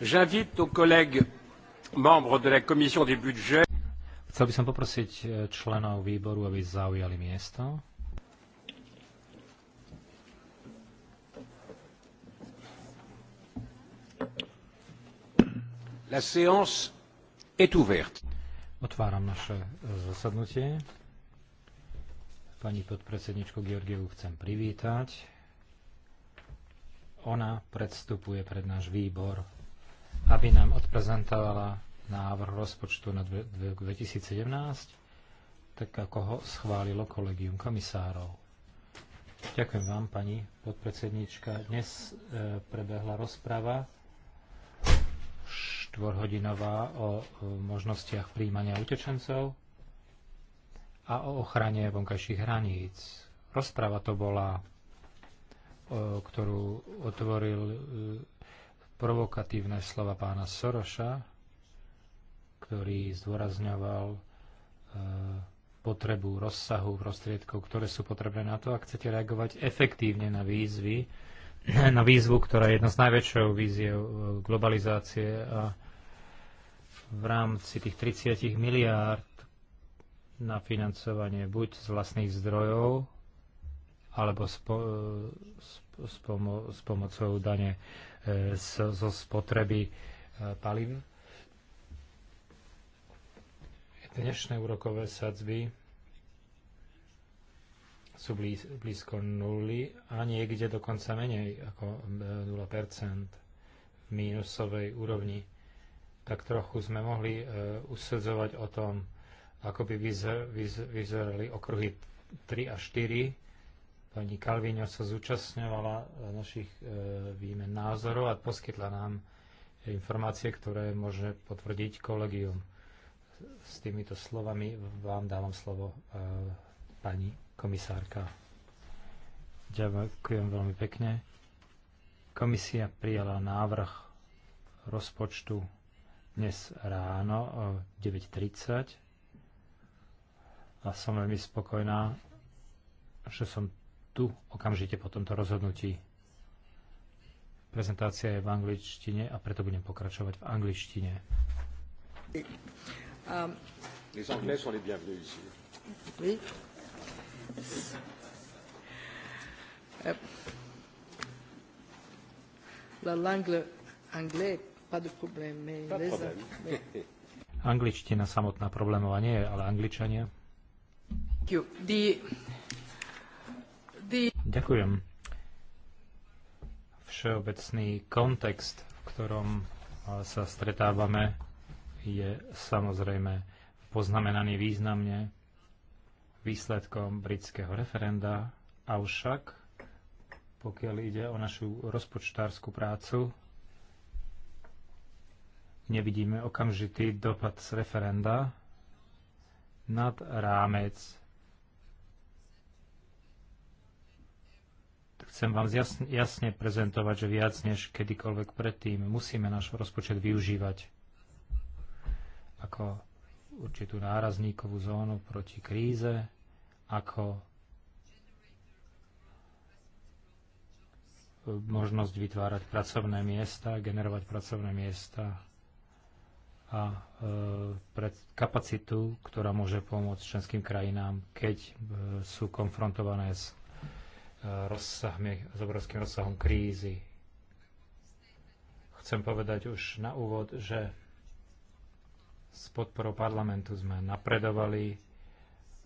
Chcel by som poprosiť eh, členov výboru, aby zaujali miesto. La séance est ouverte. Otváram naše eh, zasadnutie. Pani podpredsedničku Georgievu chcem privítať. Ona predstupuje pred náš výbor aby nám odprezentovala návrh rozpočtu na 2017, tak ako ho schválilo kolegium komisárov. Ďakujem vám, pani podpredsednička. Dnes e, prebehla rozprava štvorhodinová o možnostiach príjmania utečencov a o ochrane vonkajších hraníc. Rozprava to bola, ktorú otvoril e, provokatívne slova pána Soroša, ktorý zdôrazňoval e, potrebu rozsahu prostriedkov, ktoré sú potrebné na to, ak chcete reagovať efektívne na výzvy, na výzvu, ktorá je jedna z najväčšou víziev e, globalizácie a v rámci tých 30 miliárd na financovanie buď z vlastných zdrojov, alebo s, po, e, s, s, pomo- s pomocou dane zo spotreby e, paliv. Dnešné úrokové sadzby sú blízko nuly a niekde dokonca menej ako 0% e, v mínusovej úrovni. Tak trochu sme mohli e, usudzovať o tom, ako by vyzerali okruhy 3 a 4 Pani Kalvíňo sa zúčastňovala e, našich e, výmen názorov a poskytla nám informácie, ktoré môže potvrdiť kolegium. S týmito slovami vám dávam slovo e, pani komisárka. Ďakujem veľmi pekne. Komisia prijala návrh rozpočtu dnes ráno o 9.30 a som veľmi spokojná, že som tu okamžite po tomto rozhodnutí. Prezentácia je v angličtine a preto budem pokračovať v angličtine. Um, euh, Angličtina samotná problémová nie je, ale angličania. The Ďakujem. Všeobecný kontext, v ktorom e, sa stretávame, je samozrejme poznamenaný významne výsledkom britského referenda, avšak pokiaľ ide o našu rozpočtárskú prácu, nevidíme okamžitý dopad z referenda nad rámec Chcem vám jasne, jasne prezentovať, že viac než kedykoľvek predtým musíme náš rozpočet využívať ako určitú nárazníkovú zónu proti kríze, ako e, možnosť vytvárať pracovné miesta, generovať pracovné miesta a e, pre kapacitu, ktorá môže pomôcť členským krajinám, keď e, sú konfrontované s rozsahmi, s obrovským rozsahom krízy. Chcem povedať už na úvod, že s podporou parlamentu sme napredovali,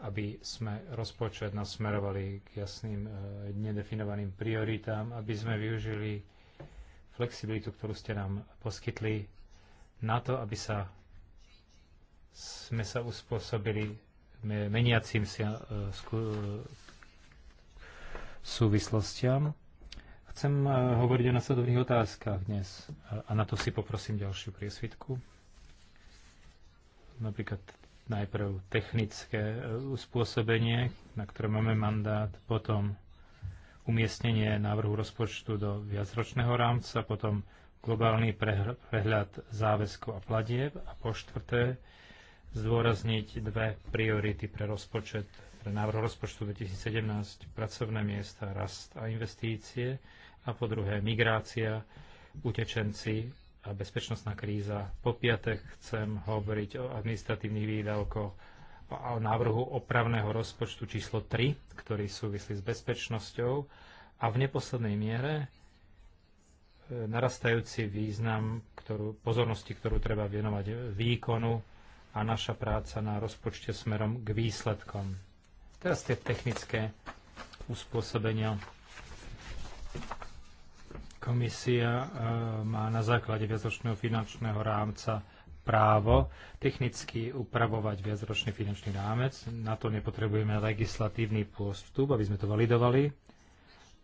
aby sme rozpočet nasmerovali k jasným, e, nedefinovaným prioritám, aby sme využili flexibilitu, ktorú ste nám poskytli, na to, aby sa sme sa uspôsobili meniacim sa e, súvislostiam. Chcem eh, hovoriť o nasledovných otázkach dnes a na to si poprosím ďalšiu priesvitku. Napríklad najprv technické eh, uspôsobenie, na ktoré máme mandát, potom umiestnenie návrhu rozpočtu do viacročného rámca, potom globálny prehľad záväzkov a platieb a po štvrté zdôrazniť dve priority pre rozpočet pre návrh rozpočtu 2017, pracovné miesta, rast a investície a po druhé migrácia, utečenci a bezpečnostná kríza. Po piate chcem hovoriť o administratívnych výdavkoch a o návrhu opravného rozpočtu číslo 3, ktorý súvisí s bezpečnosťou a v neposlednej miere e, narastajúci význam ktorú, pozornosti, ktorú treba venovať výkonu a naša práca na rozpočte smerom k výsledkom. Teraz tie technické uspôsobenia. Komisia e, má na základe viacročného finančného rámca právo technicky upravovať viacročný finančný rámec. Na to nepotrebujeme legislatívny postup, aby sme to validovali.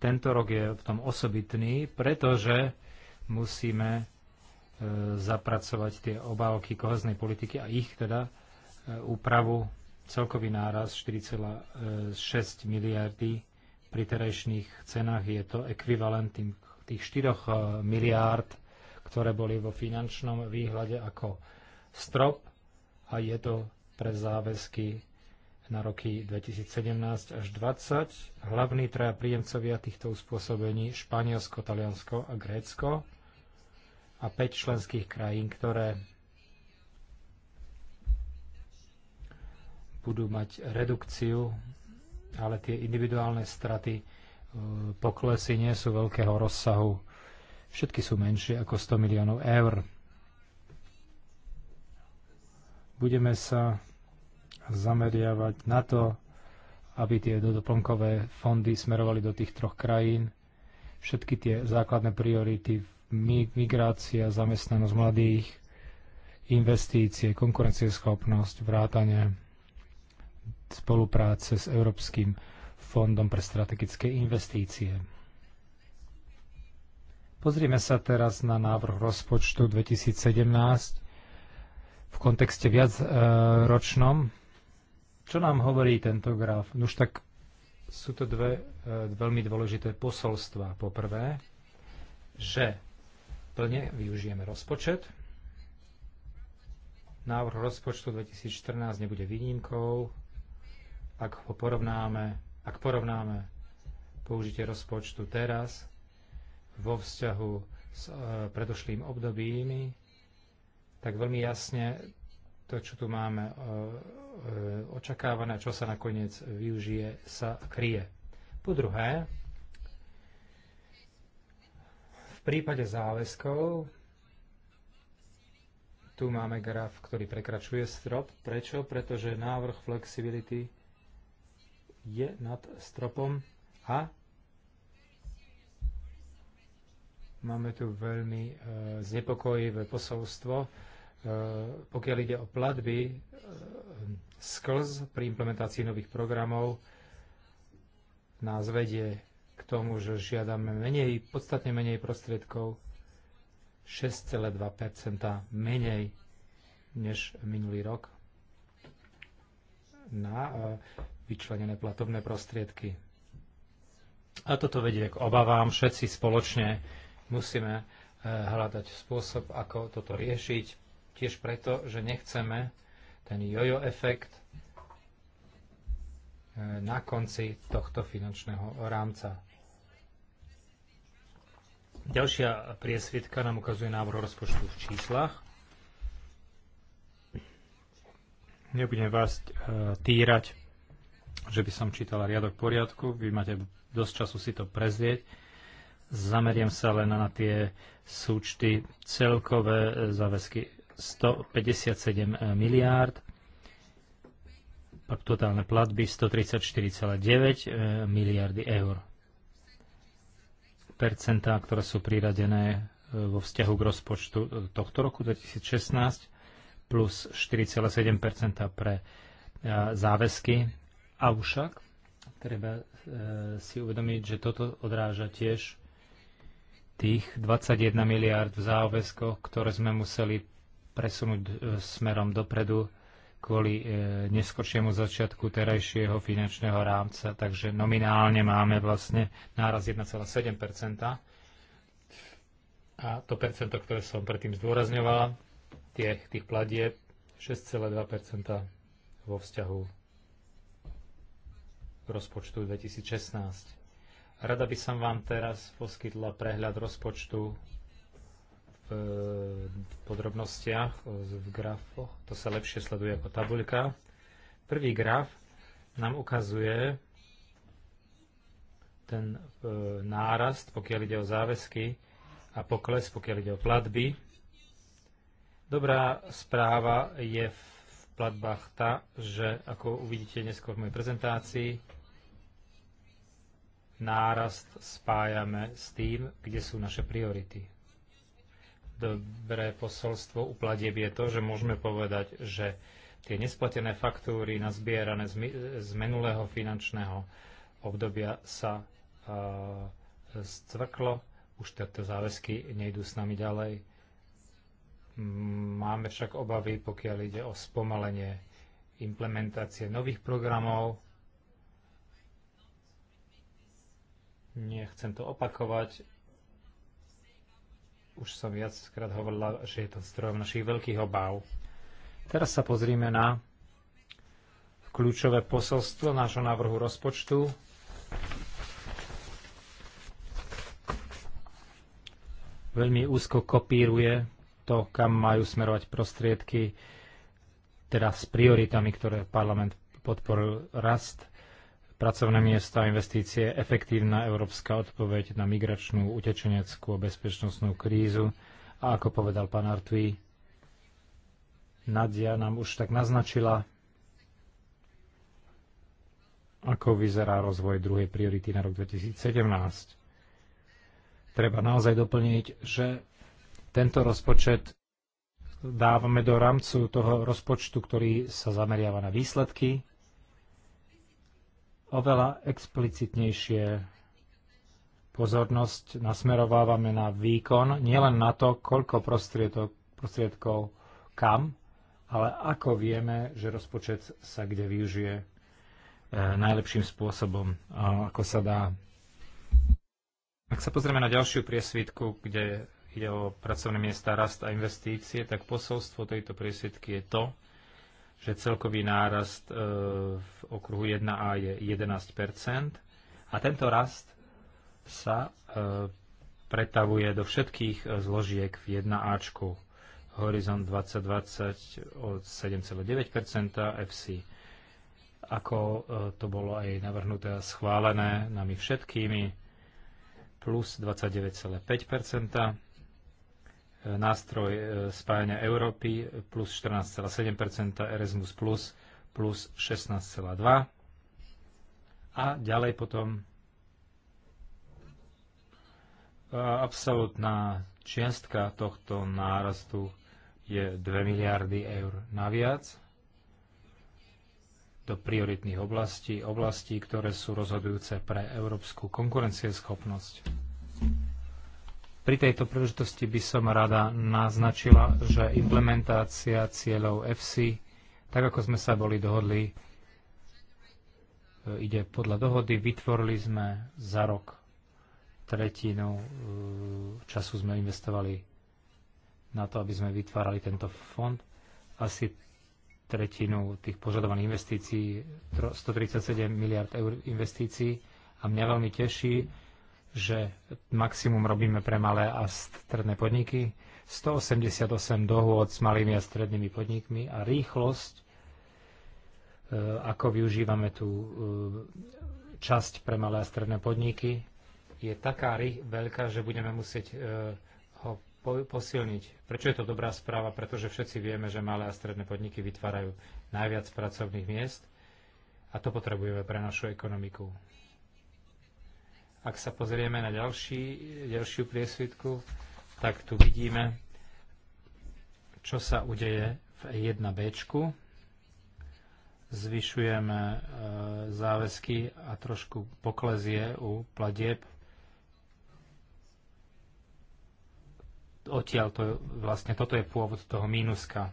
Tento rok je v tom osobitný, pretože musíme e, zapracovať tie obálky koheznej politiky a ich teda e, úpravu Celkový náraz 4,6 miliardy pri terajšných cenách je to ekvivalent tým, tých 4 eh, miliárd, ktoré boli vo finančnom výhľade ako strop a je to pre záväzky na roky 2017 až 2020. Hlavní traja príjemcovia týchto uspôsobení Španielsko, Taliansko a Grécko a 5 členských krajín, ktoré budú mať redukciu, ale tie individuálne straty, e, poklesy nie sú veľkého rozsahu. Všetky sú menšie ako 100 miliónov eur. Budeme sa zameriavať na to, aby tie doplnkové fondy smerovali do tých troch krajín. Všetky tie základné priority migrácia, zamestnanosť mladých, investície, konkurencieschopnosť, vrátanie spolupráce s Európskym fondom pre strategické investície. Pozrieme sa teraz na návrh rozpočtu 2017 v kontexte viacročnom. Čo nám hovorí tento graf? Už tak sú to dve e, veľmi dôležité posolstva. Poprvé, že plne využijeme rozpočet. Návrh rozpočtu 2014 nebude výnimkou. Ak ho porovnáme, ak porovnáme použitie rozpočtu teraz vo vzťahu s e, predošlým obdobím, tak veľmi jasne to, čo tu máme e, e, očakávané, čo sa nakoniec využije, sa kryje. Po druhé, v prípade záväzkov tu máme graf, ktorý prekračuje strop. Prečo? Pretože návrh flexibility je nad stropom a máme tu veľmi e, znepokojivé posolstvo, e, pokiaľ ide o platby e, sklz pri implementácii nových programov nás vedie k tomu, že žiadame menej, podstatne menej prostriedkov, 6,2 menej než minulý rok na e, vyčlenené platovné prostriedky. A toto vedie k obavám. Všetci spoločne musíme eh, hľadať spôsob, ako toto riešiť. Tiež preto, že nechceme ten jojo efekt eh, na konci tohto finančného rámca. Ďalšia priesvitka nám ukazuje návrh rozpočtu v číslach. Nebudem vás eh, týrať že by som čítala riadok poriadku, vy máte dosť času si to prezrieť. Zameriem sa len na tie súčty celkové e, záväzky 157 e, miliárd, totálne platby 134,9 e, miliardy eur. Percentá, ktoré sú priradené vo vzťahu k rozpočtu tohto roku 2016 plus 4,7 pre záväzky Avšak treba e, si uvedomiť, že toto odráža tiež tých 21 miliárd v záväzkoch, ktoré sme museli presunúť e, smerom dopredu kvôli e, neskoršiemu začiatku terajšieho finančného rámca. Takže nominálne máme vlastne náraz 1,7 A to percento, ktoré som predtým zdôrazňovala, tých, tých platieb 6,2 vo vzťahu rozpočtu 2016. Rada by som vám teraz poskytla prehľad rozpočtu v podrobnostiach, v grafoch. To sa lepšie sleduje ako tabuľka. Prvý graf nám ukazuje ten e, nárast, pokiaľ ide o záväzky a pokles, pokiaľ ide o platby. Dobrá správa je v platbách tá, že ako uvidíte neskôr v mojej prezentácii, nárast spájame s tým, kde sú naše priority. Dobré posolstvo u je to, že môžeme povedať, že tie nesplatené faktúry nazbierané z minulého finančného obdobia sa zcvrklo, už tieto záväzky nejdú s nami ďalej. Máme však obavy, pokiaľ ide o spomalenie implementácie nových programov, Nechcem to opakovať. Už som viackrát hovorila, že je to zdrojom našich veľkých obáv. Teraz sa pozrieme na kľúčové posolstvo nášho návrhu rozpočtu. Veľmi úzko kopíruje to, kam majú smerovať prostriedky, teda s prioritami, ktoré parlament podporil rast, pracovné miesta, investície, efektívna európska odpoveď na migračnú, utečeneckú a bezpečnostnú krízu. A ako povedal pán Artví, Nadia nám už tak naznačila, ako vyzerá rozvoj druhej priority na rok 2017. Treba naozaj doplniť, že tento rozpočet dávame do rámcu toho rozpočtu, ktorý sa zameriava na výsledky oveľa explicitnejšie pozornosť nasmerovávame na výkon, nielen na to, koľko prostriedkov kam, ale ako vieme, že rozpočet sa kde využije e, najlepším spôsobom, a ako sa dá. Ak sa pozrieme na ďalšiu priesvitku, kde ide o pracovné miesta, rast a investície, tak posolstvo tejto priesvitky je to, že celkový nárast e, v okruhu 1A je 11 a tento rast sa e, pretavuje do všetkých e, zložiek v 1Ačku. Horizont 2020 od 7,9 FC, ako to bolo aj navrhnuté a schválené nami všetkými, plus 29,5 nástroj e, spájania Európy plus 14,7%, Erasmus plus plus 16,2%. A ďalej potom e, absolútna čiastka tohto nárastu je 2 miliardy eur naviac do prioritných oblastí, oblastí, ktoré sú rozhodujúce pre európsku konkurencieschopnosť. Pri tejto príležitosti by som rada naznačila, že implementácia cieľov FC, tak ako sme sa boli dohodli, e, ide podľa dohody. Vytvorili sme za rok tretinu e, času sme investovali na to, aby sme vytvárali tento fond. Asi tretinu tých požadovaných investícií, 137 miliard eur investícií. A mňa veľmi teší, že maximum robíme pre malé a stredné podniky, 188 dohôd s malými a strednými podnikmi a rýchlosť, e, ako využívame tú e, časť pre malé a stredné podniky, je taká veľká, že budeme musieť e, ho posilniť. Prečo je to dobrá správa? Pretože všetci vieme, že malé a stredné podniky vytvárajú najviac pracovných miest a to potrebujeme pre našu ekonomiku. Ak sa pozrieme na ďalší, ďalšiu priesvitku, tak tu vidíme, čo sa udeje v 1B. Zvyšujeme e, záväzky a trošku poklezie u platieb. Odtiaľ to, vlastne toto je pôvod toho mínuska.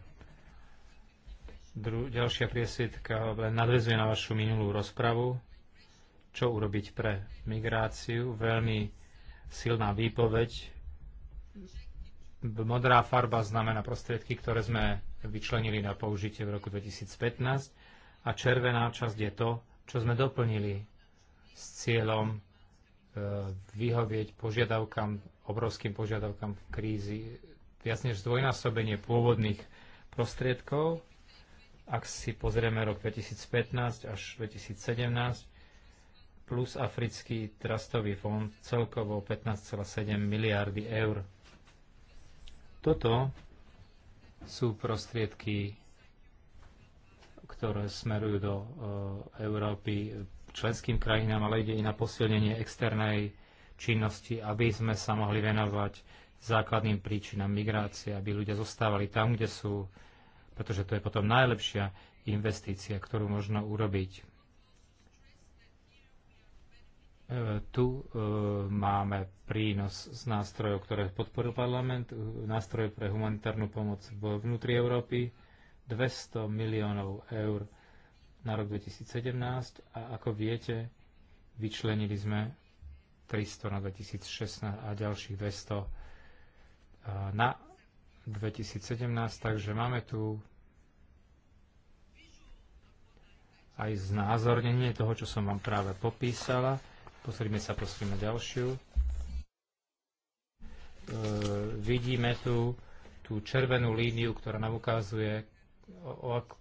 Dru, ďalšia priesvitka nadvezuje na vašu minulú rozpravu čo urobiť pre migráciu. Veľmi silná výpoveď. Modrá farba znamená prostriedky, ktoré sme vyčlenili na použitie v roku 2015 a červená časť je to, čo sme doplnili s cieľom e, vyhovieť požiadavkám, obrovským požiadavkám krízy, viac než zdvojnásobenie pôvodných prostriedkov. Ak si pozrieme rok 2015 až 2017, plus Africký trastový fond celkovo 15,7 miliardy eur. Toto sú prostriedky, ktoré smerujú do e, Európy členským krajinám, ale ide i na posilnenie externej činnosti, aby sme sa mohli venovať základným príčinám migrácie, aby ľudia zostávali tam, kde sú, pretože to je potom najlepšia investícia, ktorú možno urobiť tu e, máme prínos z nástrojov, ktoré podporil parlament, e, Nástroje pre humanitárnu pomoc vnútri Európy, 200 miliónov eur na rok 2017 a ako viete, vyčlenili sme 300 na 2016 a ďalších 200 e, na 2017, takže máme tu aj znázornenie toho, čo som vám práve popísala. Pozrime sa, pozrime ďalšiu. E, vidíme tu tú červenú líniu, ktorá nám ukazuje, o, o ak,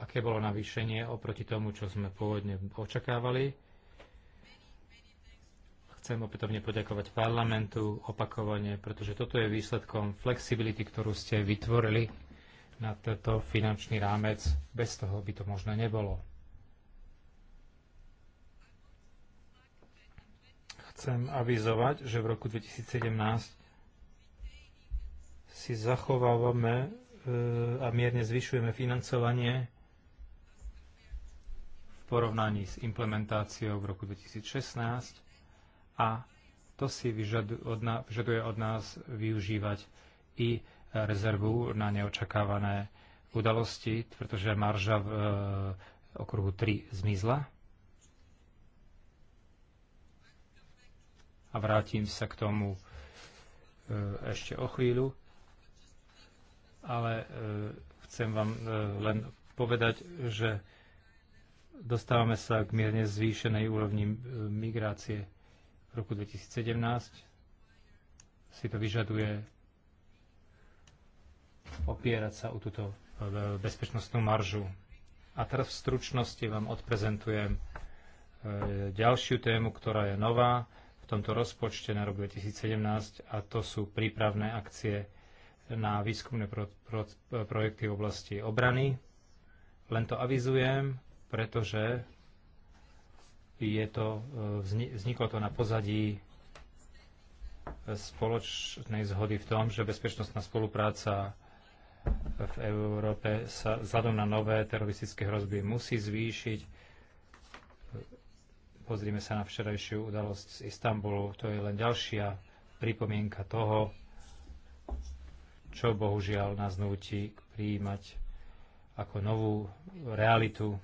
aké bolo navýšenie oproti tomu, čo sme pôvodne očakávali. Chcem opätovne poďakovať parlamentu opakovane, pretože toto je výsledkom flexibility, ktorú ste vytvorili na tento finančný rámec. Bez toho by to možno nebolo. chcem avizovať, že v roku 2017 si zachovávame e, a mierne zvyšujeme financovanie v porovnaní s implementáciou v roku 2016 a to si vyžaduje od nás využívať i rezervu na neočakávané udalosti, pretože marža v e, okruhu 3 zmizla a vrátim sa k tomu e, ešte o chvíľu, ale e, chcem vám e, len povedať, že dostávame sa k mierne zvýšenej úrovni migrácie v roku 2017. Si to vyžaduje opierať sa o túto bezpečnostnú maržu. A teraz v stručnosti vám odprezentujem ďalšiu tému, ktorá je nová, tomto rozpočte na rok 2017 a to sú prípravné akcie na výskumné pro, pro, projekty v oblasti obrany. Len to avizujem, pretože je to, e, vzniklo to na pozadí spoločnej zhody v tom, že bezpečnostná spolupráca v Európe sa vzhľadom na nové teroristické hrozby musí zvýšiť Pozrime sa na včerajšiu udalosť z Istanbulu. To je len ďalšia pripomienka toho, čo bohužiaľ nás núti prijímať ako novú realitu.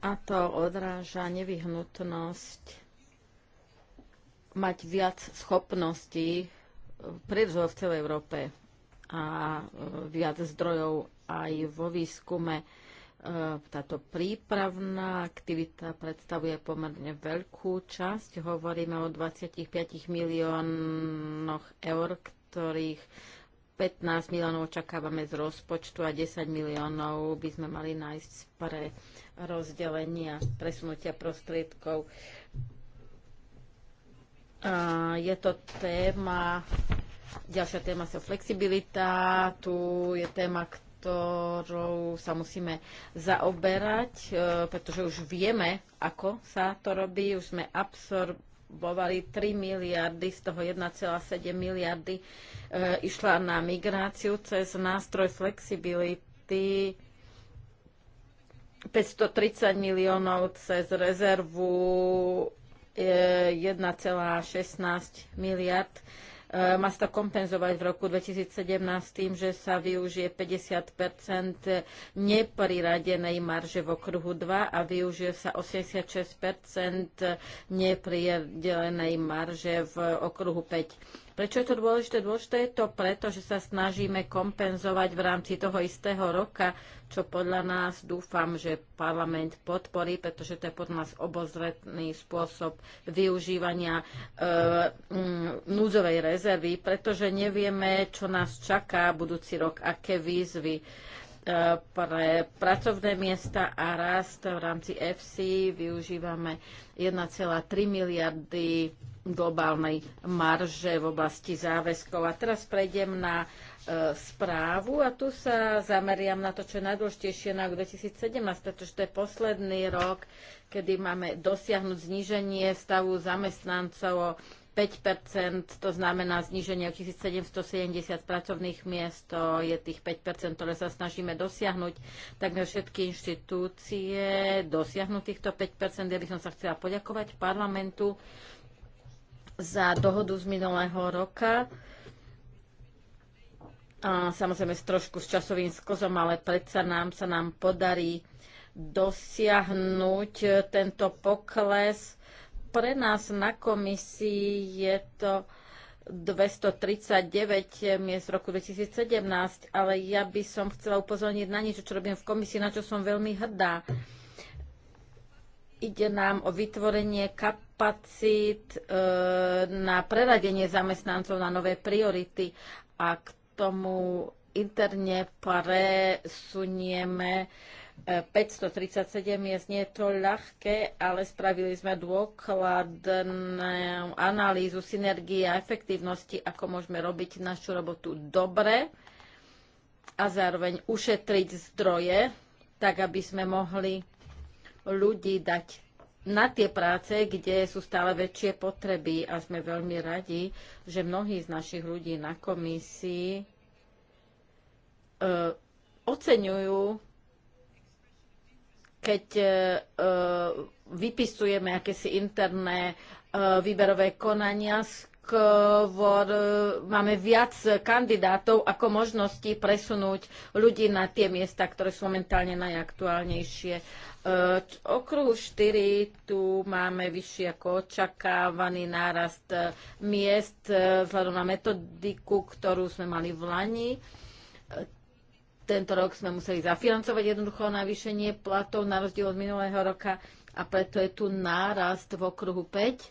A to odráža nevyhnutnosť mať viac schopností predzor v celej Európe a e, viac zdrojov aj vo výskume E, táto prípravná aktivita predstavuje pomerne veľkú časť. Hovoríme o 25 miliónoch eur, ktorých 15 miliónov očakávame z rozpočtu a 10 miliónov by sme mali nájsť pre rozdelenia, presunutia prostriedkov. E, je to téma, ďalšia téma sa flexibilita, tu je téma, ktorou sa musíme zaoberať, e, pretože už vieme, ako sa to robí. Už sme absorbovali 3 miliardy, z toho 1,7 miliardy e, išla na migráciu cez nástroj flexibility 530 miliónov cez rezervu 1,16 e, miliard Eh, má sa to kompenzovať v roku 2017 tým, že sa využije 50 nepriradenej marže v okruhu 2 a využije sa 86 nepriradenej marže v okruhu 5. Prečo je to dôležité? Dôležité je to preto, že sa snažíme kompenzovať v rámci toho istého roka, čo podľa nás dúfam, že parlament podporí, pretože to je pod nás obozretný spôsob využívania e, m, mm, núdzovej rezervy, pretože nevieme, čo nás čaká budúci rok, aké výzvy pre pracovné miesta a rast v rámci FC využívame 1,3 miliardy globálnej marže v oblasti záväzkov. A teraz prejdem na e, správu a tu sa zameriam na to, čo je najdôležitejšie na rok 2017, pretože to je posledný rok, kedy máme dosiahnuť zníženie stavu zamestnancov o 5 to znamená zníženie o 1770 pracovných miest, to je tých 5 ktoré sa snažíme dosiahnuť. Takže všetky inštitúcie dosiahnu týchto 5 Ja by som sa chcela poďakovať parlamentu za dohodu z minulého roka. A samozrejme s trošku s časovým skozom, ale predsa nám sa nám podarí dosiahnuť tento pokles pre nás na komisii je to 239 miest v roku 2017, ale ja by som chcela upozorniť na niečo, čo robím v komisii, na čo som veľmi hrdá. Ide nám o vytvorenie kapacít e, na preradenie zamestnancov na nové priority a k tomu interne presunieme e, 537 miest. Nie je to ľahké, ale spravili sme dôkladnú analýzu synergie a efektívnosti, ako môžeme robiť našu robotu dobre a zároveň ušetriť zdroje, tak aby sme mohli ľudí dať na tie práce, kde sú stále väčšie potreby a sme veľmi radi, že mnohí z našich ľudí na komisii e, oceňujú keď e, e, vypisujeme akési interné e, výberové konania, skôr máme viac kandidátov ako možnosti presunúť ľudí na tie miesta, ktoré sú momentálne najaktuálnejšie. V okruhu 4 tu máme vyšší ako očakávaný nárast miest vzhľadom na metodiku, ktorú sme mali v Lani tento rok sme museli zafinancovať jednoducho navýšenie platov na rozdiel od minulého roka a preto je tu nárast v okruhu 5.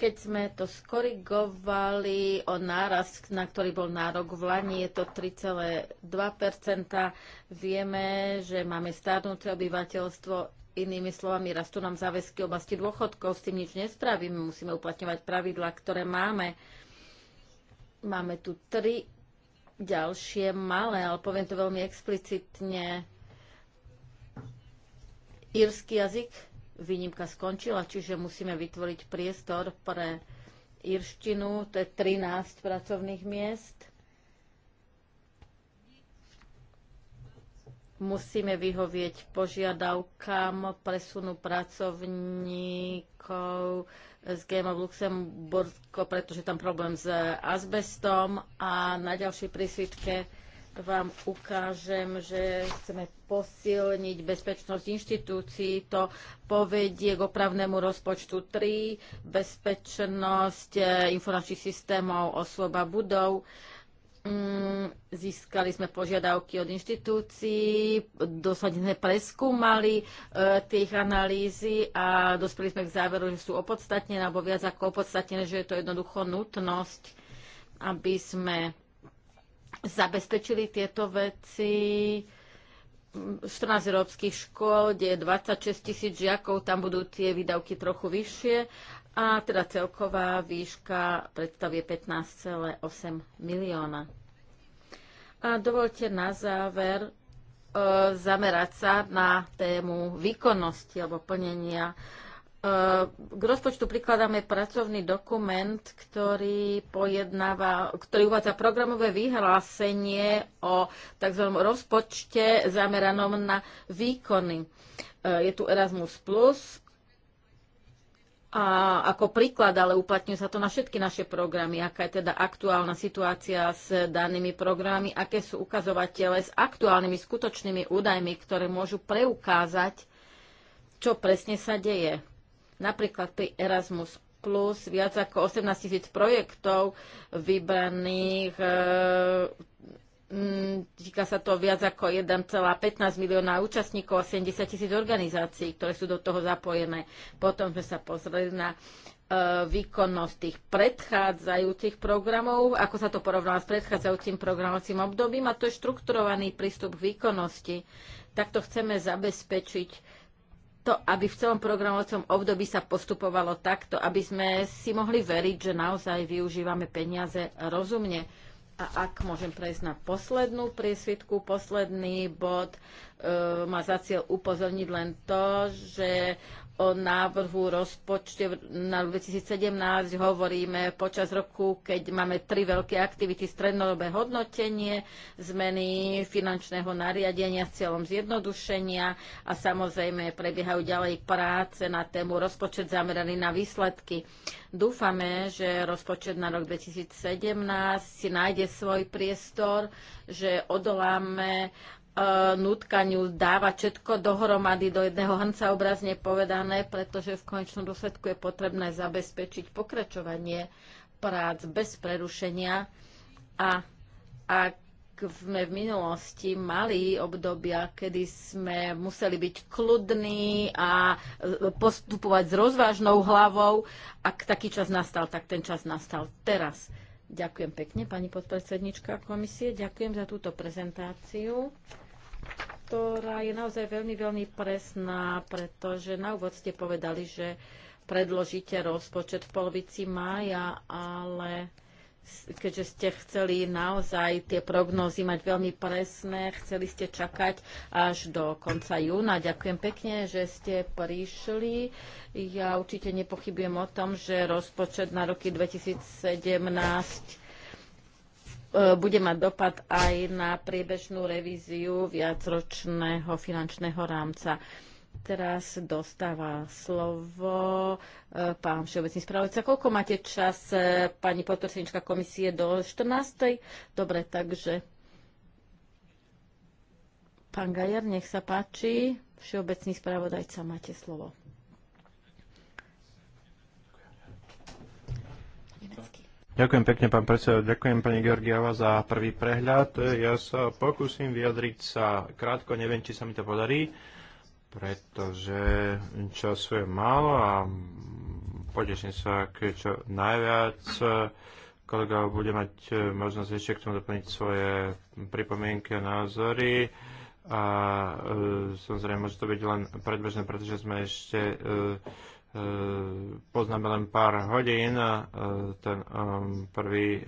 Keď sme to skorigovali o nárast, na ktorý bol nárok v Lani, je to 3,2 Vieme, že máme stárnúce obyvateľstvo, Inými slovami, rastú nám záväzky oblasti dôchodkov, s tým nič nespravíme, musíme uplatňovať pravidla, ktoré máme. Máme tu tri ďalšie malé, ale poviem to veľmi explicitne. Írsky jazyk, výnimka skončila, čiže musíme vytvoriť priestor pre írštinu, to je 13 pracovných miest musíme vyhovieť požiadavkám presunu pracovníkov z GMO v Luxembursko, pretože tam problém s azbestom a na ďalšej prísvitke vám ukážem, že chceme posilniť bezpečnosť inštitúcií. To povedie k opravnému rozpočtu 3, bezpečnosť eh, informačných systémov osôb a budov. Mm, získali sme požiadavky od inštitúcií, dosadne preskúmali e, tie analýzy a dospeli sme k záveru, že sú opodstatnené, alebo viac ako opodstatnené, že je to jednoducho nutnosť, aby sme zabezpečili tieto veci. 14 európskych škôl, kde je 26 tisíc žiakov, tam budú tie výdavky trochu vyššie, a teda celková výška predstavuje 15,8 milióna. A dovolte na záver e, zamerať sa na tému výkonnosti alebo plnenia. E, k rozpočtu prikladáme pracovný dokument, ktorý, pojednáva, ktorý uvádza programové vyhlásenie o tzv. rozpočte zameranom na výkony. E, je tu Erasmus+, a ako príklad, ale uplatňuje sa to na všetky naše programy, aká je teda aktuálna situácia s danými programy, aké sú ukazovatele s aktuálnymi skutočnými údajmi, ktoré môžu preukázať, čo presne sa deje. Napríklad pri Erasmus plus viac ako 18 tisíc projektov vybraných e, Mm, týka sa to viac ako 1,15 milióna účastníkov a 70 tisíc organizácií, ktoré sú do toho zapojené. Potom sme sa pozreli na e, výkonnosť tých predchádzajúcich programov, ako sa to porovná s predchádzajúcim programovacím obdobím a to je štrukturovaný prístup k výkonnosti. Takto chceme zabezpečiť to, aby v celom programovacom období sa postupovalo takto, aby sme si mohli veriť, že naozaj využívame peniaze rozumne a ak môžem prejsť na poslednú priesvitku, posledný bod e, má za cieľ upozorniť len to, že o návrhu rozpočte na 2017 hovoríme počas roku, keď máme tri veľké aktivity, strednodobé hodnotenie, zmeny finančného nariadenia s cieľom zjednodušenia a samozrejme prebiehajú ďalej práce na tému rozpočet zameraný na výsledky. Dúfame, že rozpočet na rok 2017 si nájde svoj priestor, že odoláme E, nutkaniu dávať všetko dohromady do jedného hrnca obrazne povedané, pretože v konečnom dôsledku je potrebné zabezpečiť pokračovanie prác bez prerušenia a ak sme v minulosti mali obdobia, kedy sme museli byť kľudní a postupovať s rozvážnou hlavou. Ak taký čas nastal, tak ten čas nastal teraz. Ďakujem pekne, pani podpredsednička komisie. Ďakujem za túto prezentáciu ktorá je naozaj veľmi, veľmi presná, pretože na úvod ste povedali, že predložíte rozpočet v polovici mája, ale keďže ste chceli naozaj tie prognózy mať veľmi presné, chceli ste čakať až do konca júna. Ďakujem pekne, že ste prišli. Ja určite nepochybujem o tom, že rozpočet na roky 2017 E, bude mať dopad aj na priebežnú revíziu viacročného finančného rámca. Teraz dostáva slovo e, pán všeobecný spravodajca. Koľko máte čas, e, pani podpredsednička komisie, do 14. Dobre, takže pán Gajer, nech sa páči. Všeobecný spravodajca, máte slovo. Ďakujem pekne, pán predseda. Ďakujem pani Georgiava za prvý prehľad. Ja sa pokúsim vyjadriť sa krátko, neviem, či sa mi to podarí, pretože času je málo a poteším sa, keď čo najviac kolega bude mať možnosť ešte k tomu doplniť svoje pripomienky a názory. A e, samozrejme, môže to byť len predbežné, pretože sme ešte e, Eh, poznáme len pár hodín eh, ten eh, prvý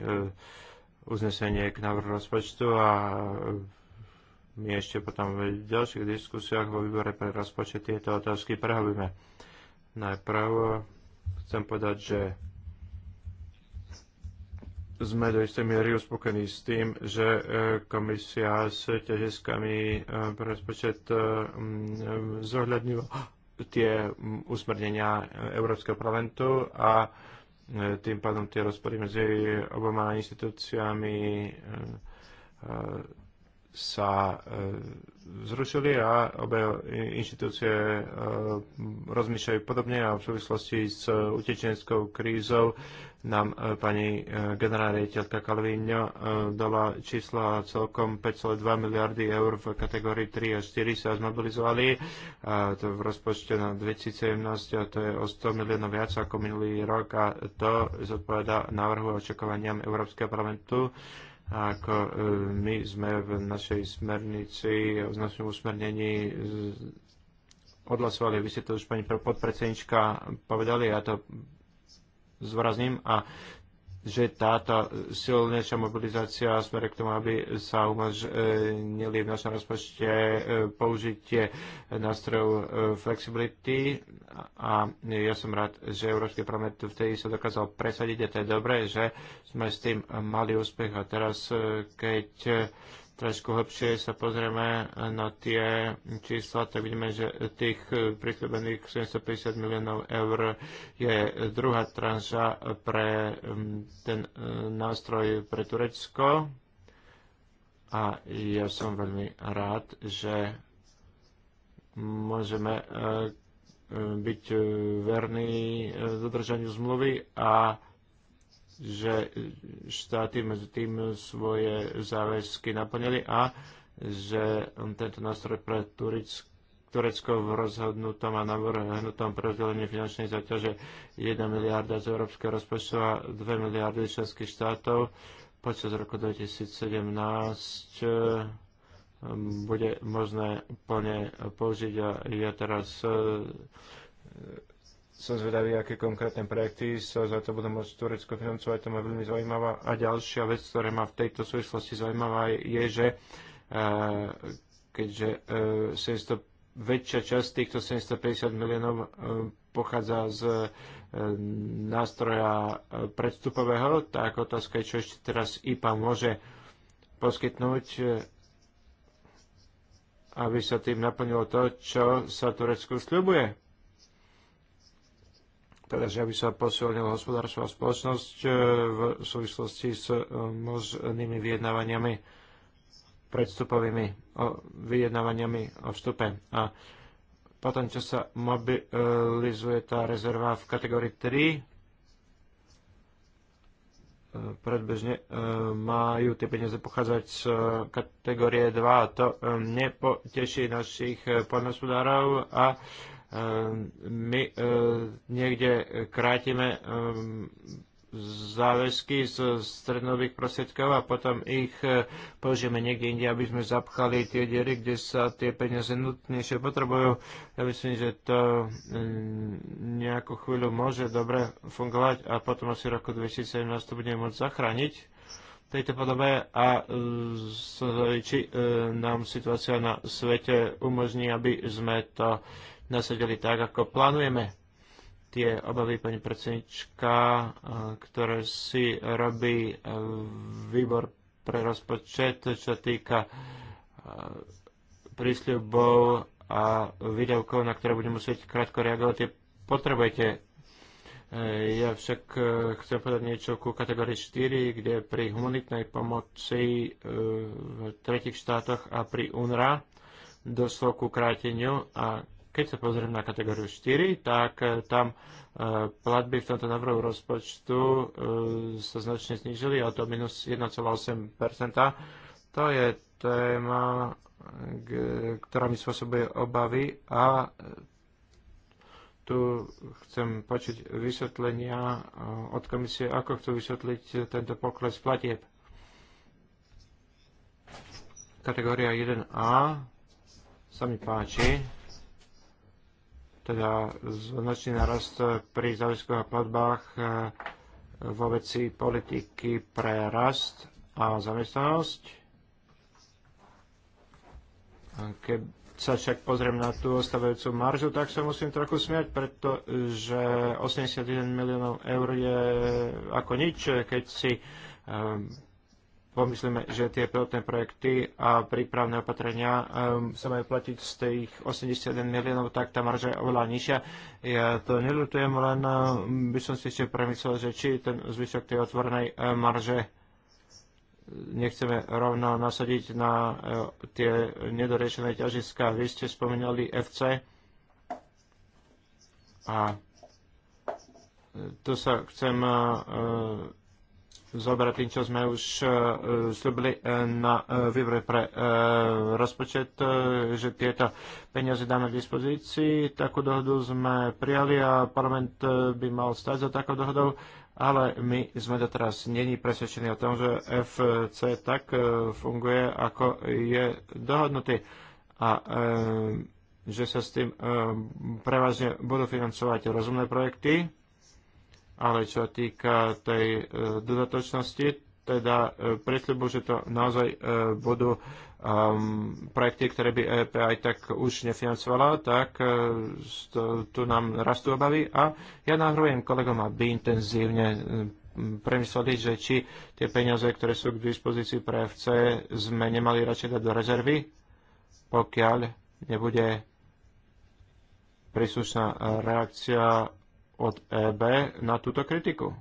uznesenie k návrhu rozpočtu a my ešte potom v ďalších diskusiách vo výbore pre rozpočet tieto otázky prehlbíme. Najprv chcem povedať, že sme do istej miery uspokojení s tým, že komisia s ťažiskami pre rozpočet mm, zohľadňuje tie usmernenia Európskeho parlamentu a e, tým pádom tie rozpory medzi oboma inštitúciami e, e, sa zrušili a obe inštitúcie rozmýšľajú podobne a v súvislosti s utečenskou krízou nám e, pani e, generálna rejiteľka Kalvíňa e, dala čísla celkom 5,2 miliardy eur v kategórii 3 a 4 sa zmobilizovali a to v rozpočte na 2017 a to je o 100 miliónov viac ako minulý rok a to zodpoveda návrhu a očakovaniam Európskeho parlamentu ako my sme v našej smernici, v našom usmernení odhlasovali, vy ste to už pani podpredsednička povedali, ja to zvorazním, a že táto silnejšia mobilizácia smere k tomu, aby sa umožnili v našom rozpočte e, použitie nástrojov e, flexibility a ja som rád, že Európsky parlament vtedy sa dokázal presadiť a to je dobré, že sme s tým mali úspech a teraz, e, keď trošku hlbšie sa pozrieme na tie čísla, tak vidíme, že tých prislúbených 750 miliónov eur je druhá tranša pre mm, ten e, nástroj pre Turecko. A ja som veľmi rád, že môžeme e, e, byť verní zadržaniu zmluvy a že štáty medzi tým svoje záväzky naplnili a že tento nástroj pre turické Turecko v rozhodnutom a navrhnutom prerozdelení finančnej zaťaže 1 miliarda z európskeho rozpočtu a 2 miliardy členských štátov počas roku 2017 eh, bude možné plne použiť a ja teraz eh, som zvedavý, aké konkrétne projekty sa za to budú môcť Turecko financovať, to ma veľmi zaujímavá. A ďalšia vec, ktorá ma v tejto súvislosti zaujímavá, je, že eh, keďže 700, eh, väčšia časť týchto 750 miliónov eh, pochádza z nástroja predstupového, tak otázka je, čo ešte teraz IPA môže poskytnúť aby sa tým naplnilo to, čo sa Turecku sľubuje teda že aby sa posilnil hospodárstvo a spoločnosť e, v súvislosti s e, možnými vyjednávaniami predstupovými o vyjednávaniami o vstupe. A potom, čo sa mobilizuje tá rezerva v kategórii 3, e, predbežne majú tie peniaze pochádzať z kategórie 2. To nepoteší našich poľnohospodárov a my e, niekde krátime e, záväzky z strednových prostriedkov a potom ich e, použijeme niekde inde, aby sme zapchali tie diery, kde sa tie peniaze nutnejšie potrebujú. Ja myslím, že to mm, nejakú chvíľu môže dobre fungovať a potom asi roku 2017 to budeme môcť zachrániť v tejto podobe a či nám situácia na svete umožní, aby sme to nasadili tak, ako plánujeme. Tie obavy pani predsednička, eh, ktoré si robí eh, výbor pre rozpočet, čo týka eh, prísľubov a výdavkov, na ktoré budeme musieť krátko reagovať, tie potrebujete ja však chcem povedať niečo ku kategórii 4, kde pri humanitnej pomoci v tretich štátoch a pri UNRA došlo ku kráteniu a keď sa pozriem na kategóriu 4, tak eh, tam eh, platby v tomto návrhu rozpočtu eh, sa značne znížili a to minus 1,8 To je téma, ktorá mi spôsobuje obavy a tu chcem počuť vysvetlenia od komisie, ako chcú vysvetliť tento pokles platieb. Kategória 1A sa mi páči teda značný narast pri a platbách e, vo veci politiky pre rast a zamestnanosť. Keď sa však pozriem na tú ostávajúcu maržu, tak sa musím trochu smiať, pretože 81 miliónov eur je ako nič, keď si e, pomyslíme, že tie pilotné projekty a prípravné opatrenia um, sa majú platiť z tých 81 miliónov, tak tá marža je oveľa nižšia. Ja to neľutujem, len ehm, by som si ešte premyslel, že či ten zvyšok tej otvorenej ehm, marže nechceme rovno nasadiť na tie nedorečené ťažiska. Vy ste spomínali FC a tu sa chcem uh, zobrať tým, čo sme už e, slúbili e, na e, výbore pre rozpočet, že tieto peniaze dáme k dispozícii. Takú dohodu sme prijali a parlament by mal stať za takou dohodou, ale my sme doteraz není presvedčení o tom, že FC tak funguje, ako je dohodnutý. A že sa s tým prevažne budú financovať rozumné projekty, ale čo týka tej e, dodatočnosti, teda e, presľubu, že to naozaj e, budú um, projekty, ktoré by EP aj tak už nefinancovala, tak to, tu nám rastú obavy a ja navrhujem kolegom, aby intenzívne premysleli, že či tie peniaze, ktoré sú k dispozícii pre FC, sme nemali radšej dať do rezervy, pokiaľ nebude príslušná reakcia od EB na túto kritiku.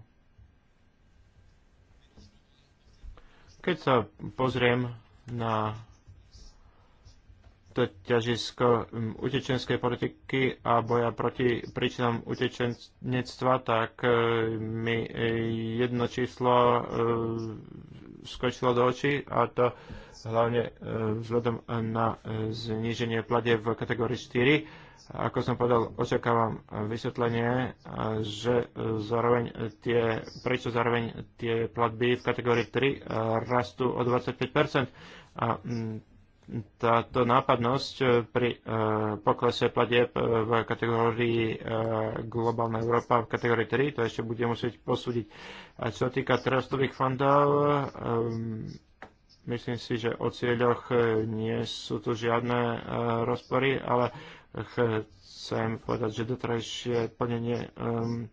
Keď sa pozriem na to ťažisko utečenskej politiky a boja proti príčinám utečenectva, tak e, mi e, jedno číslo e, skočilo do očí a to hlavne vzhľadom na zníženie plade v kategórii 4 ako som povedal, očakávam vysvetlenie, že zároveň tie, prečo zároveň tie platby v kategórii 3 rastú o 25 a mm, táto nápadnosť pri e, poklese platieb v kategórii e, Globálna Európa v kategórii 3, to ešte bude musieť posúdiť. A čo týka trustových fondov, e, myslím si, že o cieľoch nie sú tu žiadne rozpory, ale chcem povedať, že doterajšie plnenie um,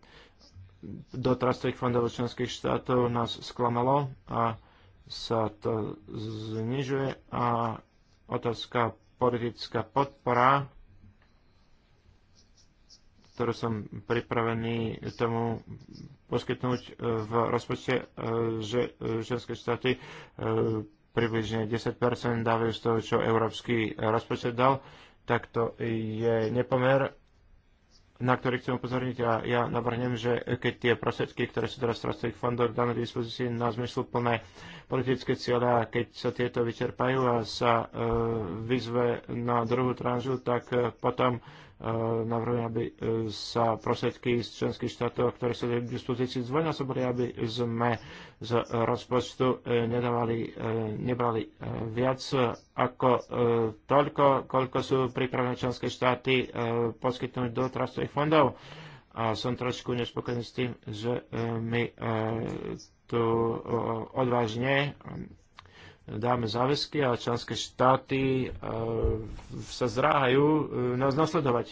do fondov členských štátov nás sklamalo a sa to znižuje a otázka politická podpora, ktorú som pripravený tomu poskytnúť e, v rozpočte, e, že e, členské štáty približne 10% dávajú z toho, čo európsky rozpočet dal tak to je nepomer, na ktorý chcem upozorniť a ja navrhnem, že keď tie prostriedky, ktoré sú teraz v trastových fondoch dané dispozícii na plné politické cieľa, keď sa tieto vyčerpajú a sa e, vyzve na druhú tranžu, tak e, potom navrhujem, aby e, sa prosvedky z členských štátov, ktoré sú k dispozícii, zdvojnásobili, aby sme z rozpočtu e, nedávali, e, nebrali viac ako toľko, koľko sú pripravené členské štáty poskytnúť do trastových fondov. A som trošku nespokojný s tým, že my tu odvážne dáme záväzky a členské štáty eh, sa uh, nás nasledovať.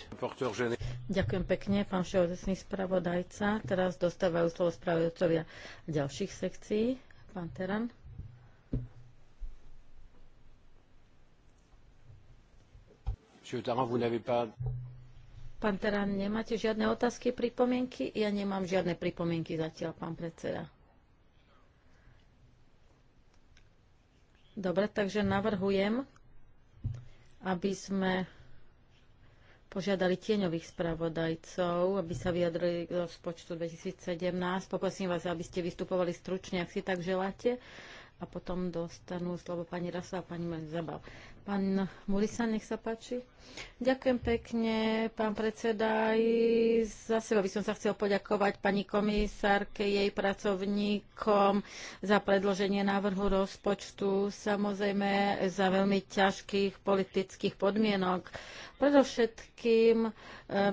Ďakujem pekne, pán všeobecný spravodajca. Teraz dostávajú slovo spravodajcovia ďalších sekcií. Pán Teran. Pán Teran, nemáte žiadne otázky, pripomienky? Ja nemám žiadne pripomienky zatiaľ, pán predseda. Dobre, takže navrhujem, aby sme požiadali tieňových spravodajcov, aby sa vyjadrili do rozpočtu 2017. Poprosím vás, aby ste vystupovali stručne, ak si tak želáte. A potom dostanú slovo pani Rasa a pani Zabal. Pán Murisa, nech sa páči. Ďakujem pekne, pán predseda. za seba by som sa chcel poďakovať pani komisárke, jej pracovníkom za predloženie návrhu rozpočtu, samozrejme za veľmi ťažkých politických podmienok. Predovšetkým e,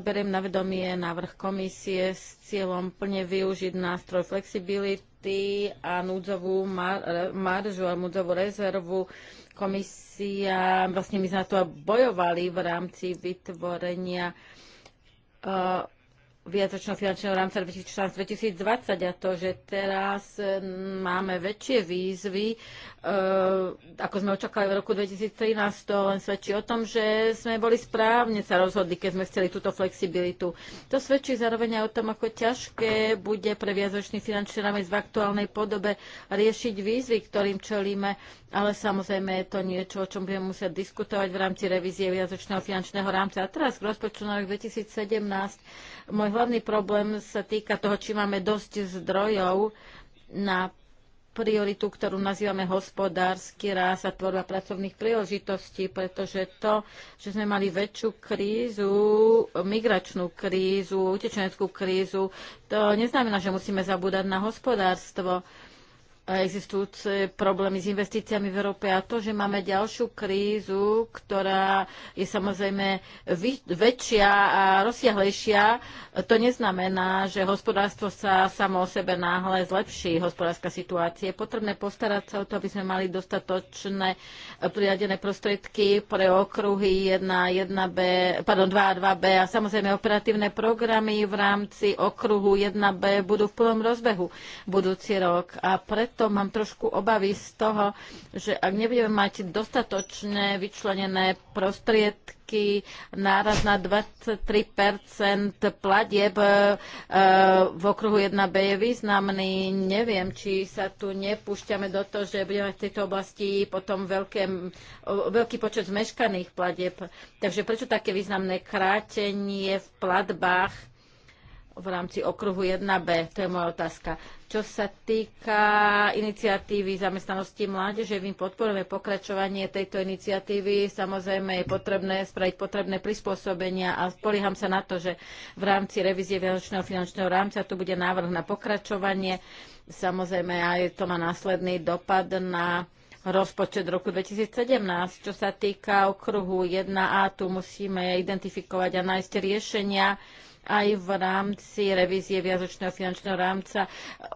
beriem na vedomie návrh komisie s cieľom plne využiť nástroj flexibility a núdzovú maržu a núdzovú rezervu Komisia, vlastne my sme na to bojovali v rámci vytvorenia uh, finančného rámca 2020 a to, že teraz uh, máme väčšie výzvy, uh, ako sme očakali v roku 2013, to len svedčí o tom, že sme boli správne sa rozhodli, keď sme chceli túto flexibilitu. To svedčí zároveň aj o tom, ako ťažké bude pre viacročný finančný rámec v aktuálnej podobe riešiť výzvy, ktorým čelíme ale samozrejme je to niečo, o čom budeme musieť diskutovať v rámci revízie viazočného finančného rámca. A teraz k rozpočtu na rok 2017. Môj hlavný problém sa týka toho, či máme dosť zdrojov na prioritu, ktorú nazývame hospodársky rás a tvorba pracovných príležitostí, pretože to, že sme mali väčšiu krízu, migračnú krízu, utečeneckú krízu, to neznamená, že musíme zabúdať na hospodárstvo. Uh, existujúce problémy s investíciami v Európe a to, že máme ďalšiu krízu, ktorá je samozrejme väčšia a rozsiahlejšia, to neznamená, že hospodárstvo sa samo o sebe náhle zlepší, hospodárska situácia. Je potrebné postarať sa o to, aby sme mali dostatočné priradené prostriedky pre okruhy 1, 1B, pardon, 2 a 2B a samozrejme operatívne programy v rámci okruhu 1B budú v plnom rozbehu budúci rok a preto preto mám trošku obavy z toho, že ak nebudeme mať dostatočne vyčlenené prostriedky, náraz na 23 platieb e, v okruhu 1B je významný. Neviem, či sa tu nepúšťame do toho, že budeme v tejto oblasti potom veľké, veľký počet zmeškaných platieb. Takže prečo také významné krátenie v platbách v rámci okruhu 1B? To je moja otázka. Čo sa týka iniciatívy zamestnanosti mládeže, my podporujeme pokračovanie tejto iniciatívy. Samozrejme je potrebné spraviť potrebné prispôsobenia a spolieham sa na to, že v rámci revízie vianočného finančného rámca tu bude návrh na pokračovanie. Samozrejme aj to má následný dopad na rozpočet roku 2017. Čo sa týka okruhu 1A, tu musíme identifikovať a nájsť riešenia aj v rámci revízie viazočného finančného rámca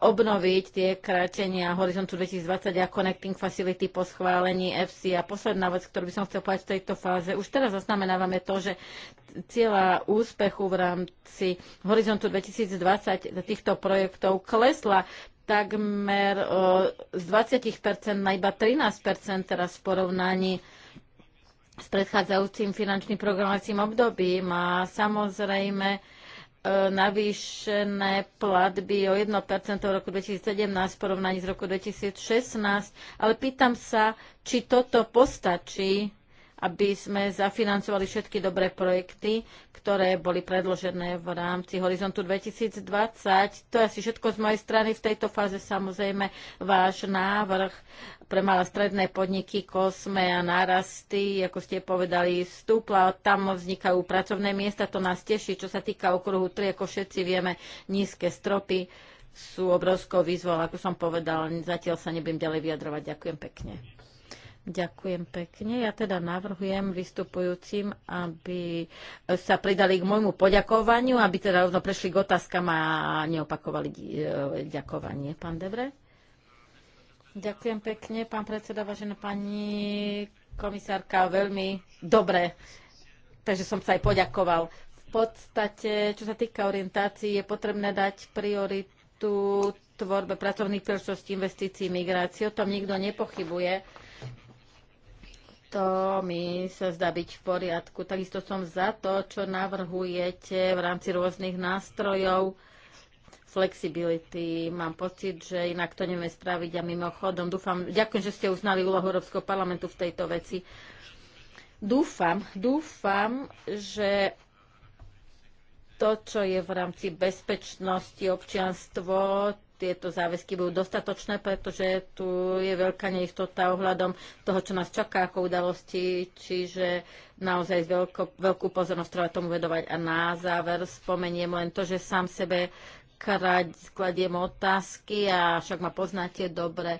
obnoviť tie krátenia Horizontu 2020 a Connecting Facility po schválení FC. A posledná vec, ktorú by som chcel povedať v tejto fáze, už teraz zaznamenávame to, že cieľa úspechu v rámci Horizontu 2020 týchto projektov klesla takmer z 20% na iba 13% teraz v porovnaní s predchádzajúcim finančným programovacím obdobím a samozrejme E, navýšené platby o 1% v roku 2017 v porovnaní s roku 2016, ale pýtam sa, či toto postačí aby sme zafinancovali všetky dobré projekty, ktoré boli predložené v rámci Horizontu 2020. To je asi všetko z mojej strany. V tejto fáze samozrejme váš návrh pre malé stredné podniky, kosme a nárasty, ako ste povedali, stúpla, tam vznikajú pracovné miesta, to nás teší. Čo sa týka okruhu 3, ako všetci vieme, nízke stropy sú obrovskou výzvou, ako som povedal, zatiaľ sa nebudem ďalej vyjadrovať. Ďakujem pekne. Ďakujem pekne. Ja teda navrhujem vystupujúcim, aby sa pridali k môjmu poďakovaniu, aby teda rovno prešli k otázkam a neopakovali e, ďakovanie. Pán Debre? Ďakujem pekne, pán predseda, vážená pani komisárka, veľmi dobre. Takže som sa aj poďakoval. V podstate, čo sa týka orientácií, je potrebné dať prioritu tvorbe pracovných príležitostí, investícií, migrácií. O tom nikto nepochybuje to mi sa zdá byť v poriadku. Takisto som za to, čo navrhujete v rámci rôznych nástrojov flexibility. Mám pocit, že inak to nevieme spraviť a mimochodom dúfam, ďakujem, že ste uznali úlohu Európskeho parlamentu v tejto veci. Dúfam, dúfam, že to, čo je v rámci bezpečnosti občianstvo, tieto záväzky budú dostatočné, pretože tu je veľká neistota ohľadom toho, čo nás čaká ako udalosti, čiže naozaj veľko, veľkú pozornosť treba tomu vedovať. A na záver spomeniem len to, že sám sebe kladiem otázky a však ma poznáte dobre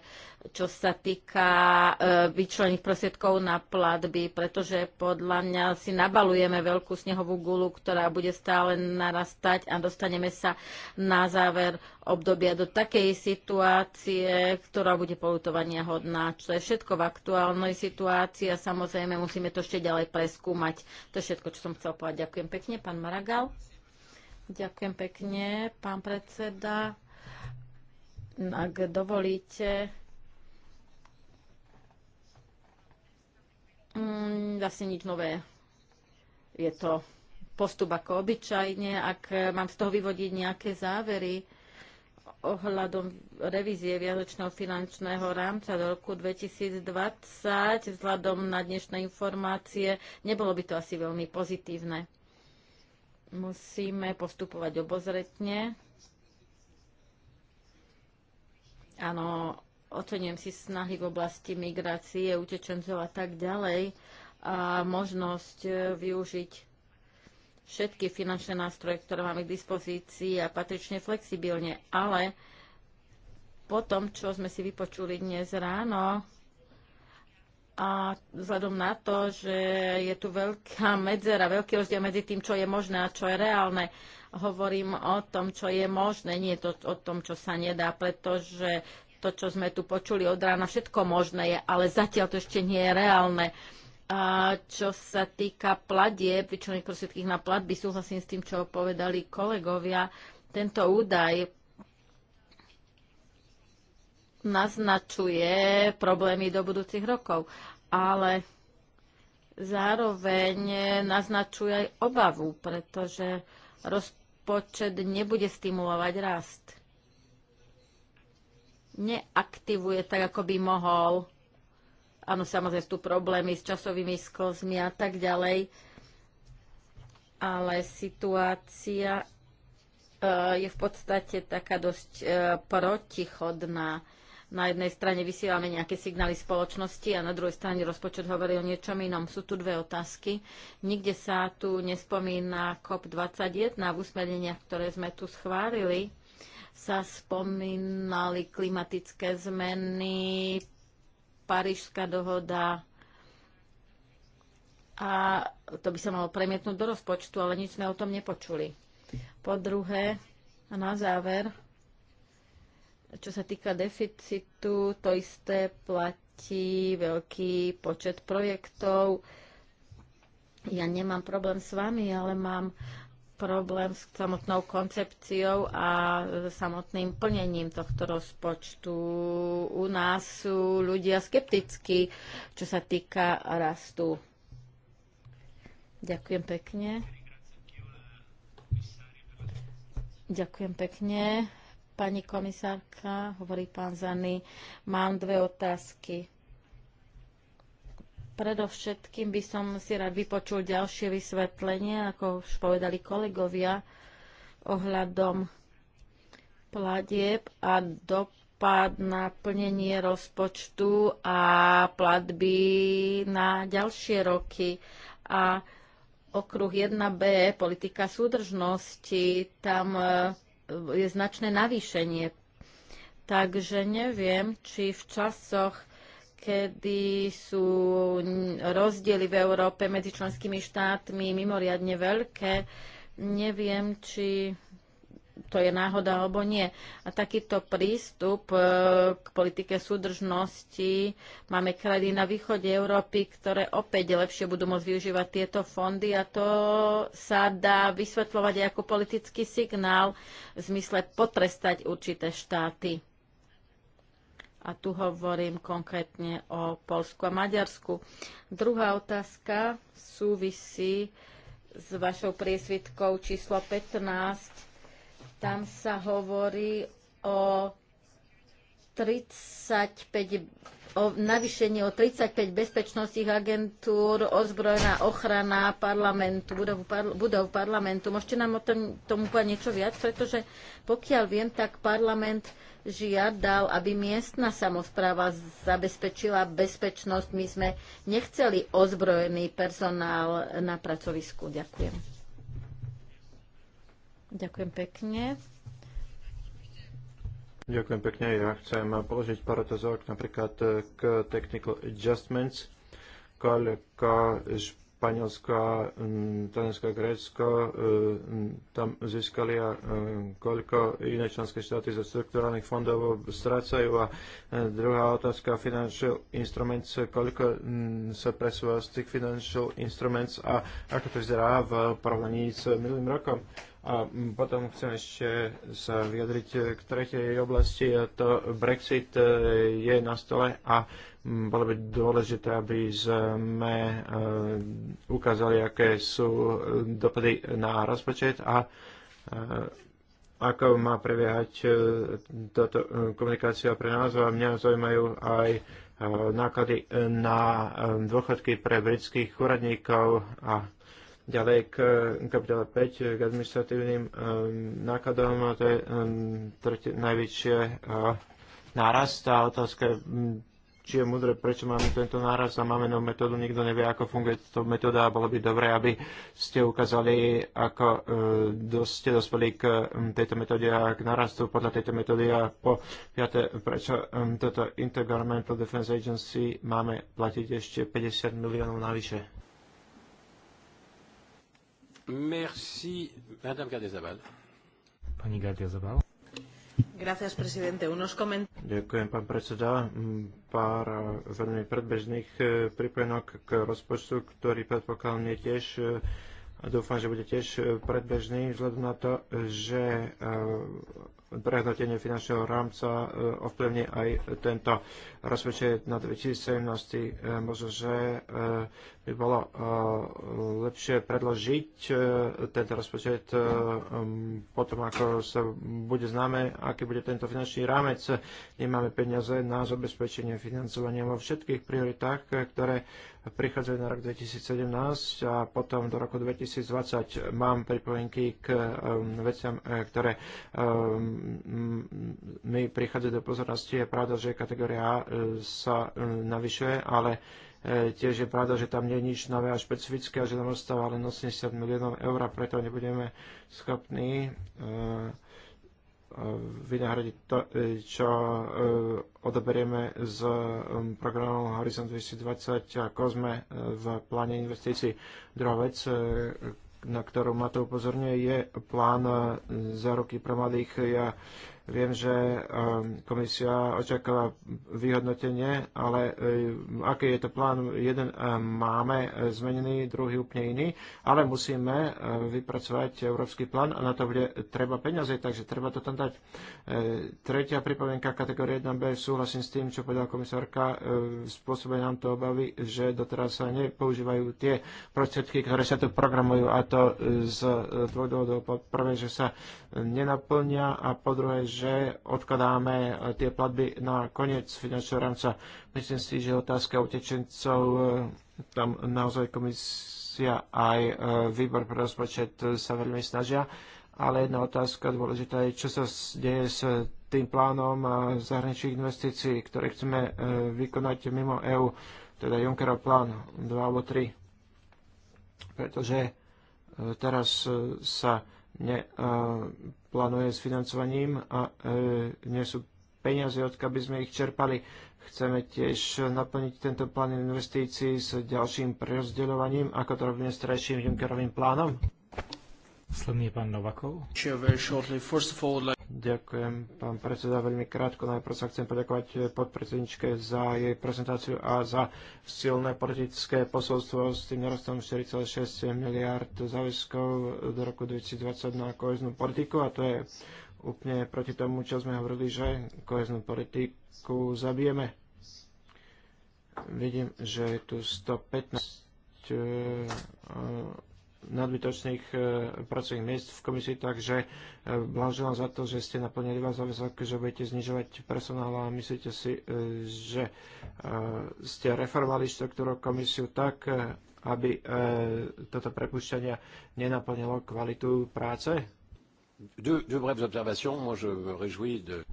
čo sa týka e, vyčlených prosiedkov na platby, pretože podľa mňa si nabalujeme veľkú snehovú gulu, ktorá bude stále narastať a dostaneme sa na záver obdobia do takej situácie, ktorá bude polutovania hodná. Čo je všetko v aktuálnej situácii a samozrejme musíme to ešte ďalej preskúmať. To je všetko, čo som chcel povedať. Ďakujem pekne, pán Maragal. Ďakujem pekne, pán predseda. Ak dovolíte, mm, vlastne nič nové. Je to postup ako obyčajne. Ak mám z toho vyvodiť nejaké závery ohľadom revízie viazočného finančného rámca do roku 2020, vzhľadom na dnešné informácie, nebolo by to asi veľmi pozitívne. Musíme postupovať obozretne. Áno, ocenujem si snahy v oblasti migrácie, utečencov a tak ďalej a možnosť e, využiť všetky finančné nástroje, ktoré máme k dispozícii a patrične flexibilne. Ale po tom, čo sme si vypočuli dnes ráno, a vzhľadom na to, že je tu veľká medzera, veľký rozdiel medzi tým, čo je možné a čo je reálne, hovorím o tom, čo je možné, nie to, o tom, čo sa nedá, pretože to, čo sme tu počuli od rána, všetko možné je, ale zatiaľ to ešte nie je reálne. A čo sa týka pladie, pričom prostriedkých na platby, súhlasím s tým, čo povedali kolegovia, tento údaj naznačuje problémy do budúcich rokov, ale zároveň naznačuje aj obavu, pretože rozpočet nebude stimulovať rast neaktivuje tak, ako by mohol. Áno, samozrejme sú tu problémy s časovými sklzmi a tak ďalej, ale situácia e, je v podstate taká dosť e, protichodná. Na jednej strane vysielame nejaké signály spoločnosti a na druhej strane rozpočet hovorí o niečom inom. Sú tu dve otázky. Nikde sa tu nespomína COP21 v usmerneniach, ktoré sme tu schválili sa spomínali klimatické zmeny, Parížská dohoda a to by sa malo premietnúť do rozpočtu, ale nič sme o tom nepočuli. Po druhé, a na záver, čo sa týka deficitu, to isté platí veľký počet projektov. Ja nemám problém s vami, ale mám problém s samotnou koncepciou a samotným plnením tohto rozpočtu. U nás sú ľudia skeptickí, čo sa týka rastu. Ďakujem pekne. Ďakujem pekne. Pani komisárka, hovorí pán Zany, mám dve otázky. Predovšetkým by som si rád vypočul ďalšie vysvetlenie, ako už povedali kolegovia, ohľadom platieb a dopad na plnenie rozpočtu a platby na ďalšie roky. A okruh 1b, politika súdržnosti, tam e, je značné navýšenie. Takže neviem, či v časoch kedy sú rozdiely v Európe medzi členskými štátmi mimoriadne veľké. Neviem, či to je náhoda alebo nie. A takýto prístup e, k politike súdržnosti máme krajiny na východe Európy, ktoré opäť lepšie budú môcť využívať tieto fondy a to sa dá vysvetľovať aj ako politický signál v zmysle potrestať určité štáty a tu hovorím konkrétne o Polsku a Maďarsku. Druhá otázka súvisí s vašou priesvitkou číslo 15. Tam sa hovorí o 35 o navýšenie o 35 bezpečnostných agentúr, ozbrojená ochrana parlamentu, budov, budov parlamentu. Môžete nám o tom, tomu povedať niečo viac? Pretože pokiaľ viem, tak parlament žiadal, aby miestna samozpráva zabezpečila bezpečnosť. My sme nechceli ozbrojený personál na pracovisku. Ďakujem. Ďakujem pekne. Ďakujem pekne. Ja chcem položiť pár otázok napríklad k technical adjustments. Koľko Španielsko mm, a Grécko mm, tam získali a mm, koľko iné členské štáty zo strukturálnych fondov strácajú. A druhá otázka, financial instruments, koľko sa presúva z tých financial instruments a ako to vyzerá v porovnaní s minulým rokom. A potom chcem ešte sa vyjadriť k tretej oblasti a to Brexit e, je na stole a bolo by dôležité, aby sme e, ukázali, aké sú e, dopady na rozpočet a ako má prebiehať táto komunikácia pre nás a mňa zaujímajú aj náklady na dôchodky pre britských úradníkov a Ďalej k kapitole 5, k administratívnym um, nákladom, a to je um, tretie, najväčšie uh, nárast. Tá otázka je, či je mudré, prečo máme tento náraz a máme novú metódu, nikto nevie, ako funguje táto metóda a bolo by dobré, aby ste ukázali, ako uh, dos, ste dospeli k um, tejto metóde a k narastu podľa tejto metódy a po piate, prečo um, toto Intergovernmental Defense Agency máme platiť ešte 50 miliónov navyše. Merci, Madame Gardezabal. Pani Gardezabal. Gracias, presidente. Unos koment... Ďakujem, pán predseda. Pár eh, veľmi predbežných eh, pripojenok k rozpočtu, ktorý predpokladám je tiež eh, a dúfam, že bude tiež e, predbežný, vzhľadom na to, že e, prehnotenie finančného rámca e, ovplyvní aj tento rozpočet na 2017. Možno, že by bolo lepšie predložiť tento rozpočet potom, ako sa bude známe, aký bude tento finančný rámec. Nemáme peniaze na zabezpečenie financovania vo všetkých prioritách, ktoré prichádzajú na rok 2017 a potom do roku 2020 mám pripomienky k um, veciam, e, ktoré um, mi prichádzajú do pozornosti. Je pravda, že kategória A e, sa e, navyšuje, ale tiež je pravda, že tam nie je nič nové a špecifické a že tam ostáva len 80 miliónov eur a preto nebudeme schopní uh, vynahradiť to, e, čo e, odoberieme z um, programu Horizon 2020 a Kozme e, v pláne investícií. Druhá vec, na ktorú ma to upozorňuje, je plán záruky pre mladých. Ja Viem, že ehm, komisia očakáva vyhodnotenie, ale ehm, aký je to plán? Jeden ehm, máme eh, zmenený, druhý úplne iný, ale musíme eh, vypracovať európsky plán a na to bude treba peniaze, takže treba to tam dať. Eh, tretia pripomienka kategórie 1b, súhlasím s tým, čo povedala komisárka, spôsobuje nám to obavy, že doteraz sa nepoužívajú tie prostriedky, ktoré sa tu programujú a to z dvoch dôvodov. Po prvé, že sa nenaplňa a po druhé, že odkladáme eh, tie platby na koniec finančného rámca. Myslím si, že otázka utečencov eh, tam naozaj komisia aj eh, výbor pre rozpočet sa veľmi snažia, ale jedna otázka dôležitá je, čo sa deje s tým plánom zahraničných investícií, ktoré chceme vykonať mimo EÚ, teda Junckerov plán 2 alebo 3. Pretože teraz sa ne, plánuje s financovaním a e, nie sú peniaze, odkiaľ by sme ich čerpali. Chceme tiež naplniť tento plán investícií s ďalším prerozdeľovaním, ako to robíme s trajším Junckerovým plánom. Sledný je pán Novakov. Ďakujem, pán predseda. Veľmi krátko najprv sa chcem poďakovať eh, podpredsedničke za jej prezentáciu a za silné politické posolstvo s tým narastom 4,6 miliard záväzkov do roku 2020 na koheznú politiku a to je úplne proti tomu, čo sme hovorili, že koheznú politiku zabijeme. Vidím, že je tu 115 nadbytočných e, pracovných miest v komisii, takže e, blahoželám za to, že ste naplnili vás záväzok, že budete znižovať personál a myslíte si, e, že ste reformovali štruktúru komisiu tak, aby toto prepušťanie nenaplnilo kvalitu práce?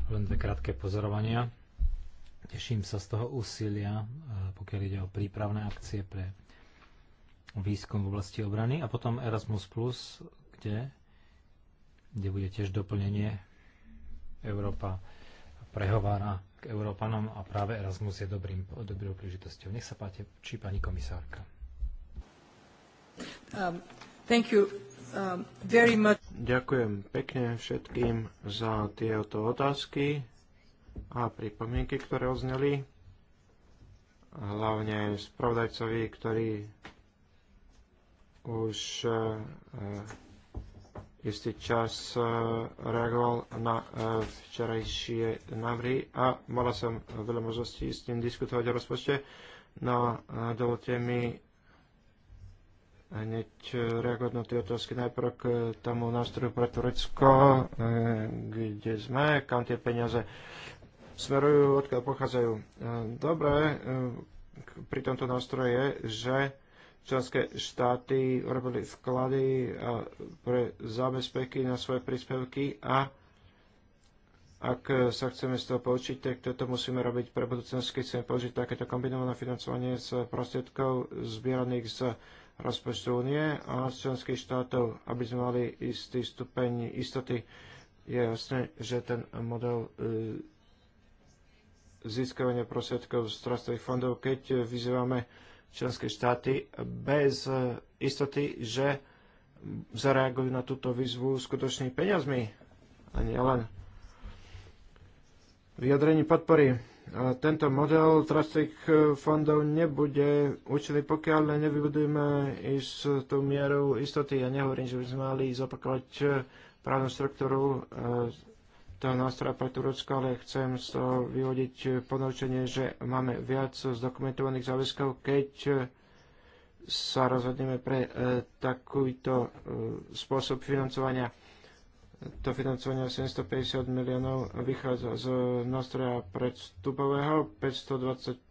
Len dve krátke pozorovania. Teším sa z toho úsilia, pokiaľ ide o prípravné akcie pre výskum v oblasti obrany a potom Erasmus+, kde, kde bude tiež doplnenie Európa prehovára k Európanom a práve Erasmus je dobrým, dobrou príležitosťou. Nech sa páte, či pani komisárka. Um, thank you. Um, very much. Ďakujem pekne všetkým za tieto otázky a pripomienky, ktoré ozneli. Hlavne spravodajcovi, ktorý už eh, eh, istý čas eh, reagoval na včerajšie návrhy a mala som veľa možností s ním diskutovať o rozpočte, no dovolte mi hneď reagovať na tie otázky najprv k tomu nástroju pre Turecko, kde sme, kam tie peniaze smerujú, odkiaľ pochádzajú. Dobre, pri tomto nástroje je, že členské štáty robili vklady pre zábezpeky na svoje príspevky a ak sa chceme z toho poučiť, tak toto musíme robiť pre budúcnosť, keď chceme použiť takéto kombinované financovanie z prostriedkov zbieraných z rozpočtu únie a z členských štátov, aby sme mali istý stupeň istoty. Je jasné, že ten model e, získavania prostriedkov z trastových fondov, keď vyzývame členské štáty bez istoty, že zareagujú na túto výzvu skutočnými peniazmi a len vyjadrení podpory. A tento model trastových fondov nebude účinný, pokiaľ nevybudujeme ísť tú mieru istoty. Ja nehovorím, že by sme mali zopakovať právnu štruktúru e, tohto nástroja pre Turecko, ale chcem z toho vyvodiť že máme viac zdokumentovaných záväzkov, keď sa rozhodneme pre e, takýto e, spôsob financovania. To financovanie 750 miliónov vychádza z nástroja predstupového 525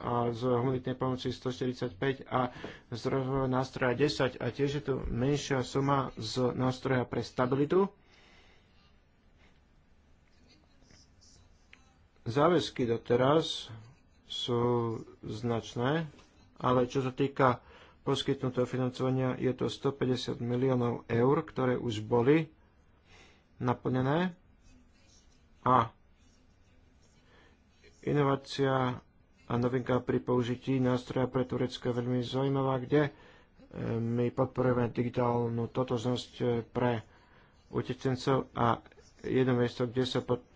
a z humanitnej pomoci 145 a z rozvojového nástroja 10 a tiež je tu menšia suma z nástroja pre stabilitu záväzky doteraz sú značné, ale čo sa týka poskytnutého financovania, je to 150 miliónov eur, ktoré už boli naplnené a inovácia a novinka pri použití nástroja pre Turecko je veľmi zaujímavá, kde e, my podporujeme digitálnu totožnosť e, pre utečencov a jedno miesto, kde sa podporujeme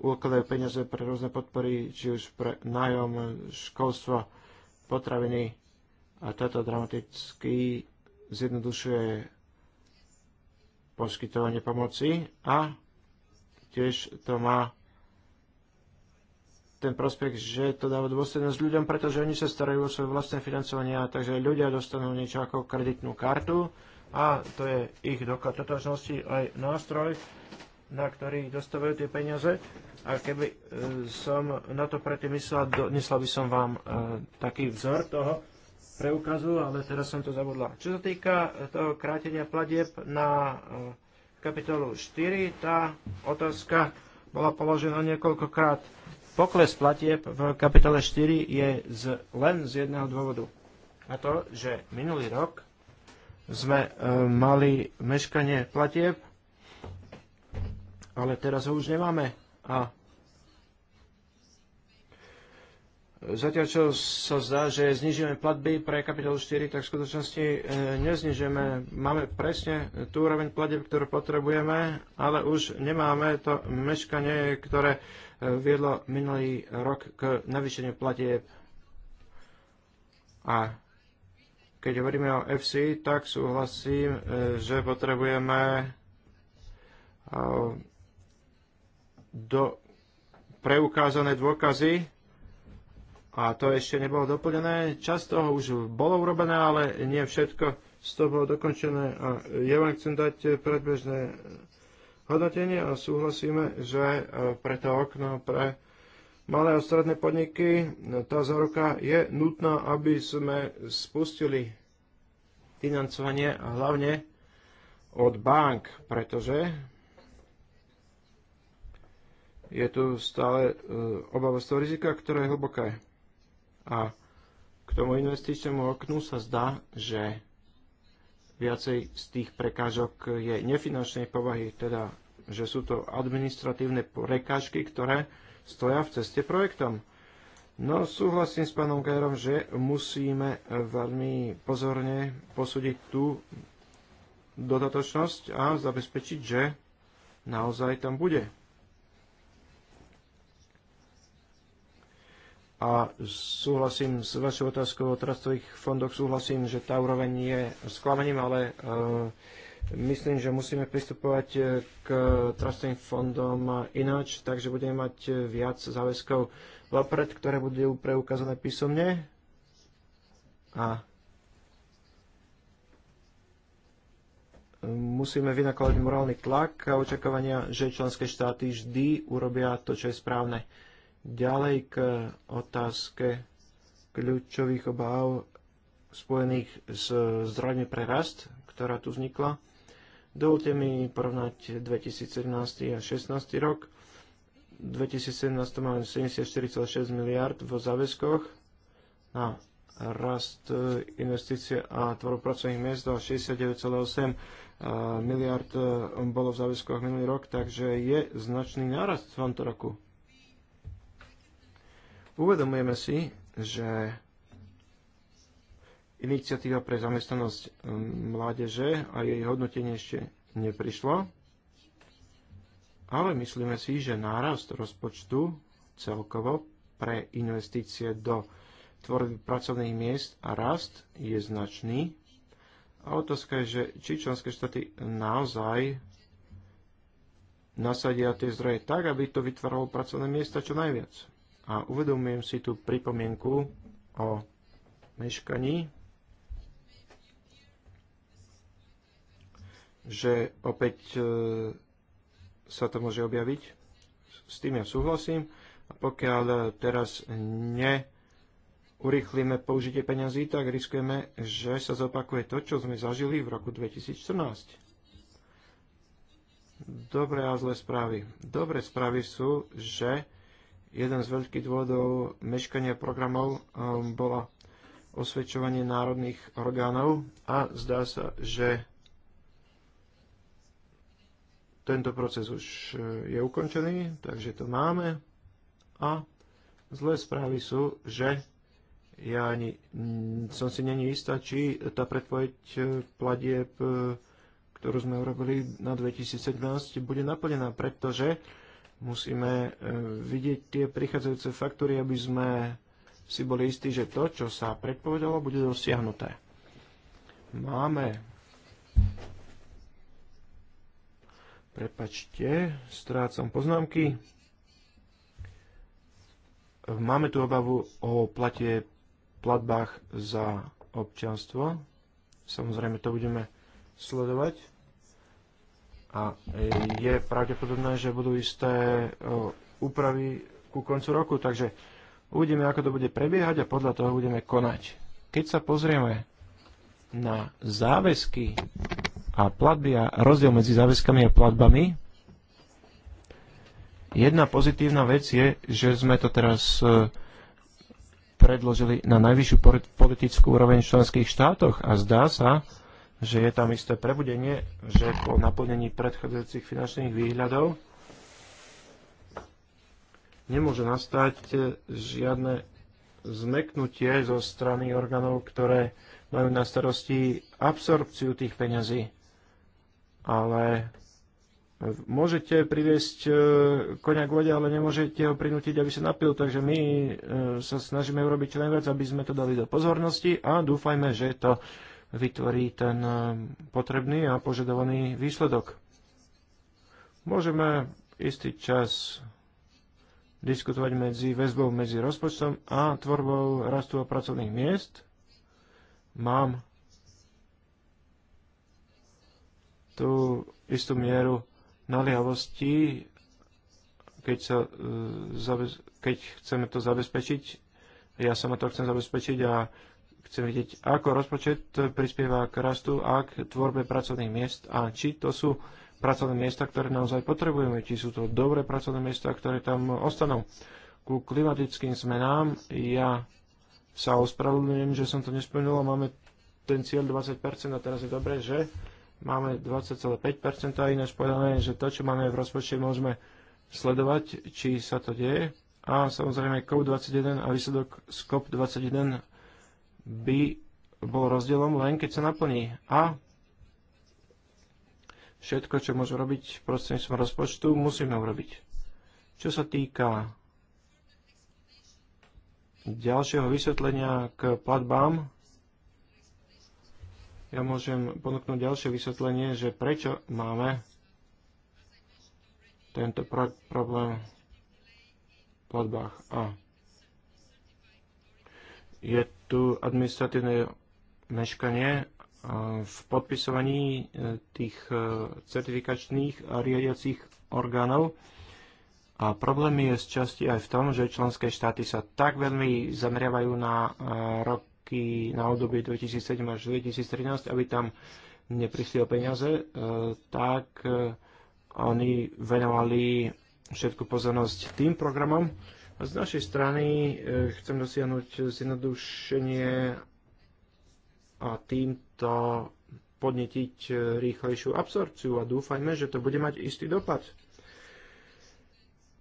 ukladajú peniaze pre rôzne podpory, či už pre nájom, školstvo, potraviny. A toto dramaticky zjednodušuje poskytovanie pomoci a tiež to má ten prospekt, že to dáva dôslednosť ľuďom, pretože oni sa starajú o svoje vlastné financovanie, takže ľudia dostanú niečo ako kreditnú kartu a to je ich doklad totožnosti aj nástroj, na ktorých dostávajú tie peniaze. A keby e, som na to predtým myslel, donesla by som vám e, taký vzor toho preukazu, ale teraz som to zabudla. Čo sa týka e, toho krátenia platieb na kapitolu 4, tá otázka bola položená niekoľkokrát. Pokles platieb v kapitole 4 je z, len z jedného dôvodu. A to, že minulý rok sme e, mali meškanie platieb ale teraz ho už nemáme. A Zatiaľ, čo sa zdá, že znižujeme platby pre kapitolu 4, tak v skutočnosti e, neznižujeme. Máme presne tú úroveň platieb, ktorú potrebujeme, ale už nemáme to meškanie, ktoré e, viedlo minulý rok k navýšeniu platieb. A keď hovoríme o FC, tak súhlasím, e, že potrebujeme e, do preukázané dôkazy a to ešte nebolo doplnené. Čas toho už bolo urobené, ale nie všetko z toho bolo dokončené. A ja vám chcem dať predbežné hodnotenie a súhlasíme, že e, pre to okno, pre malé a stredné podniky, no, tá záruka je nutná, aby sme spustili financovanie hlavne od bank, pretože je tu stále e, obava z toho rizika, ktoré je hlboké. A k tomu investičnému oknu sa zdá, že viacej z tých prekážok je nefinančnej povahy, teda že sú to administratívne prekážky, ktoré stoja v ceste projektom. No súhlasím s pánom Gajerom, že musíme veľmi pozorne posúdiť tú dodatočnosť a zabezpečiť, že naozaj tam bude. A súhlasím s vašou otázkou o trastových fondoch, súhlasím, že tá úroveň je sklamaním, ale e, myslím, že musíme pristupovať e, k trastovým fondom ináč, takže budeme mať e, viac záväzkov vopred, ktoré budú preukázané písomne. A musíme vynakladať morálny tlak a očakávania, že členské štáty vždy urobia to, čo je správne. Ďalej k otázke kľúčových obáv spojených s zdravím pre rast, ktorá tu vznikla. Dovolte mi porovnať 2017 a 2016 rok. V 2017 máme 74,6 miliard vo záväzkoch na rast e, investície a tvorbu pracovných miest no, a 69,8 e, miliard e, bolo v záväzkoch minulý rok, takže je značný nárast v tomto roku. Uvedomujeme si, že iniciatíva pre zamestnanosť um, mládeže a jej hodnotenie ešte neprišlo, ale myslíme si, že nárast rozpočtu celkovo pre investície do tvorby pracovných miest a rast je značný. A otázka je, že či členské štáty naozaj nasadia tie zdroje tak, aby to vytváralo pracovné miesta čo najviac. A uvedomujem si tú pripomienku o meškaní, že opäť e, sa to môže objaviť. S tým ja súhlasím. A pokiaľ teraz ne urýchlime použitie peňazí, tak riskujeme, že sa zopakuje to, čo sme zažili v roku 2014. Dobré a zlé správy. Dobré správy sú, že Jeden z veľkých dôvodov meškania programov um, bola osvedčovanie národných orgánov a zdá sa, že tento proces už e, je ukončený, takže to máme a zlé správy sú, že ja ani, som si není istá, či tá predpoveď e, platieb, e, ktorú sme urobili na 2017, bude naplnená, pretože Musíme e, vidieť tie prichádzajúce faktory, aby sme si boli istí, že to, čo sa predpovedalo, bude dosiahnuté. Máme Prepačte, strácam poznámky. Máme tu obavu o plate, platbách za občanstvo. Samozrejme, to budeme sledovať. A e, je pravdepodobné, že budú isté e, úpravy ku koncu roku, takže uvidíme, ako to bude prebiehať a podľa toho budeme konať. Keď sa pozrieme na záväzky a platby a rozdiel medzi záväzkami a platbami, jedna pozitívna vec je, že sme to teraz e, predložili na najvyššiu politickú úroveň v členských štátoch a zdá sa, že je tam isté prebudenie, že po naplnení predchádzajúcich finančných výhľadov nemôže nastať žiadne zmeknutie zo strany orgánov, ktoré majú na starosti absorpciu tých peňazí. Ale môžete priviesť e, konia k vode, ale nemôžete ho prinútiť, aby sa napil. Takže my e, sa snažíme urobiť čo najviac, aby sme to dali do pozornosti a dúfajme, že to vytvorí ten eh, potrebný a požadovaný výsledok. Môžeme istý čas diskutovať medzi väzbou medzi rozpočtom a tvorbou rastu a pracovných miest. Mám tú istú mieru naliavosti, keď, sa, eh, keď chceme to zabezpečiť. Ja sa na to chcem zabezpečiť a Chcem vidieť, ako rozpočet prispieva k rastu a k tvorbe pracovných miest a či to sú pracovné miesta, ktoré naozaj potrebujeme, či sú to dobré pracovné miesta, ktoré tam ostanú. Ku klimatickým zmenám ja sa ospravedlňujem, že som to nesplnil, máme ten cieľ 20% a teraz je dobré, že máme 20,5% a ináč povedané, že to, čo máme v rozpočte, môžeme sledovať, či sa to deje. A samozrejme COP21 a výsledok z COP21 by bol rozdielom len keď sa naplní. A všetko, čo môžeme robiť prostredníctvom rozpočtu, musíme urobiť. Čo sa týka ďalšieho vysvetlenia k platbám, ja môžem ponúknuť ďalšie vysvetlenie, že prečo máme tento pro- problém v platbách. A je tu administratívne meškanie e, v podpisovaní e, tých e, certifikačných a riadiacich orgánov. A problém je z časti aj v tom, že členské štáty sa tak veľmi zameriavajú na roky na obdobie 2007 až 2013, aby tam neprišli o peniaze, tak oni venovali všetku pozornosť tým programom, z našej strany e, chcem dosiahnuť zjednodušenie a týmto podnetiť e, rýchlejšiu absorpciu a dúfajme, že to bude mať istý dopad.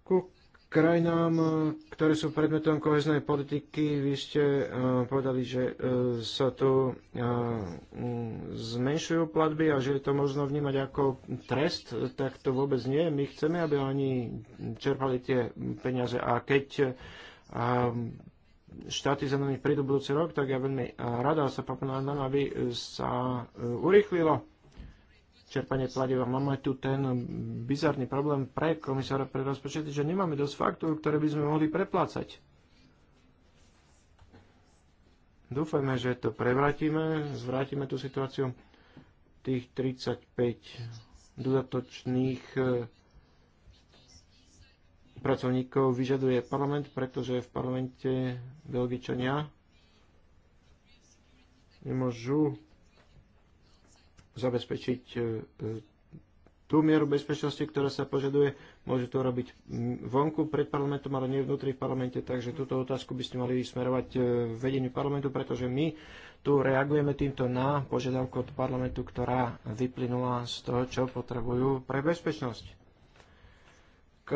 Ku krajinám, e, ktoré sú predmetom koheznej politiky. Vy ste e, povedali, že e, sa tu zmenšujú platby a že je to možno vnímať ako trest, tak to vôbec nie. My chceme, aby oni čerpali tie peniaze a keď štáty za nami prídu budúci rok, tak ja veľmi rada sa na, aby sa urýchlilo čerpanie a Máme tu ten bizarný problém pre komisára pre rozpočet, že nemáme dosť faktúr, ktoré by sme mohli preplácať. Dúfajme, že to prevrátime, zvrátime tú situáciu tých 35 dodatočných e, pracovníkov vyžaduje parlament, pretože v parlamente Belgičania nemôžu zabezpečiť e, e, tú mieru bezpečnosti, ktorá sa požaduje, Môže to robiť mm, vonku pred parlamentom, ale nie vnútri v parlamente, takže túto otázku by ste mali smerovať e, vedeniu parlamentu, pretože my tu reagujeme týmto na požiadavku od parlamentu, ktorá vyplynula z toho, čo potrebujú pre bezpečnosť. K,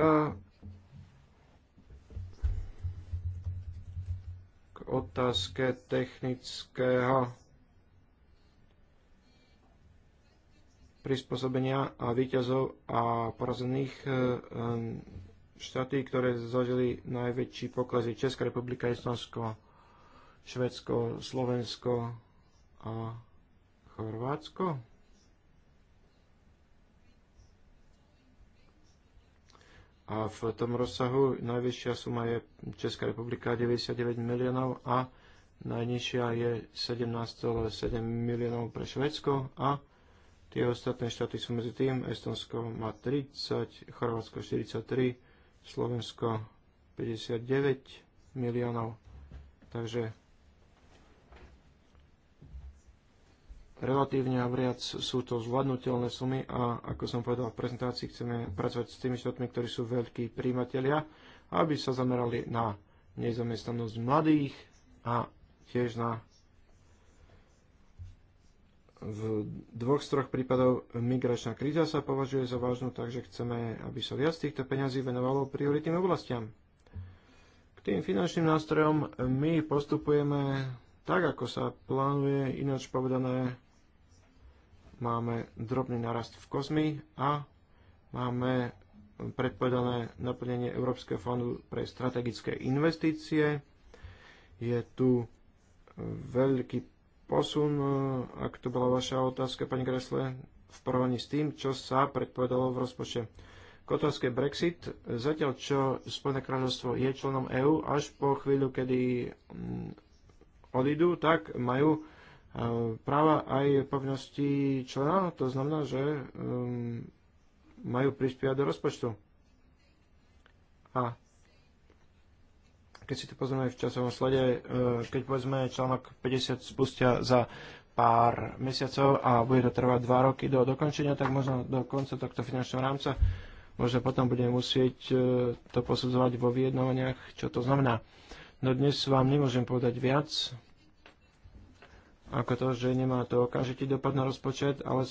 K otázke technického prispôsobenia a výťazov a porazených e, e, štáty, ktoré zažili najväčší poklesy Česká republika, Estonsko, Švedsko, Slovensko a Chorvátsko. A v tom rozsahu najvyššia suma je Česká republika 99 miliónov a najnižšia je 17,7 miliónov pre Švedsko a Tie ostatné štáty sú medzi tým. Estonsko má 30, Chorvátsko 43, Slovensko 59 miliónov. Takže relatívne a viac sú to zvládnutelné sumy a ako som povedal v prezentácii, chceme pracovať s tými štátmi, ktorí sú veľkí príjimatelia, aby sa zamerali na nezamestnanosť mladých a tiež na v dvoch z troch prípadov migračná kríza sa považuje za vážnu, takže chceme, aby sa viac týchto peňazí venovalo prioritným oblastiam. K tým finančným nástrojom my postupujeme tak, ako sa plánuje, ináč povedané máme drobný narast v kozmi a máme predpovedané naplnenie Európskeho fondu pre strategické investície. Je tu veľký posun, e, ak to bola vaša otázka, pani Gresle, v porovnaní s tým, čo sa predpovedalo v rozpočte. K otázke Brexit, zatiaľ čo Spojené kráľovstvo je členom EÚ, až po chvíľu, kedy mm, odídu, tak majú e, práva aj povinnosti člena, to znamená, že mm, majú prispievať do rozpočtu. A keď si to pozrieme v časovom slede, e, keď povedzme článok 50 spustia za pár mesiacov a bude to trvať 2 roky do dokončenia, tak možno do konca tohto finančného rámca, možno potom budeme musieť e, to posudzovať vo vyjednávaniach, čo to znamená. No dnes vám nemôžem povedať viac, ako to, že nemá to okamžitý dopad na rozpočet, ale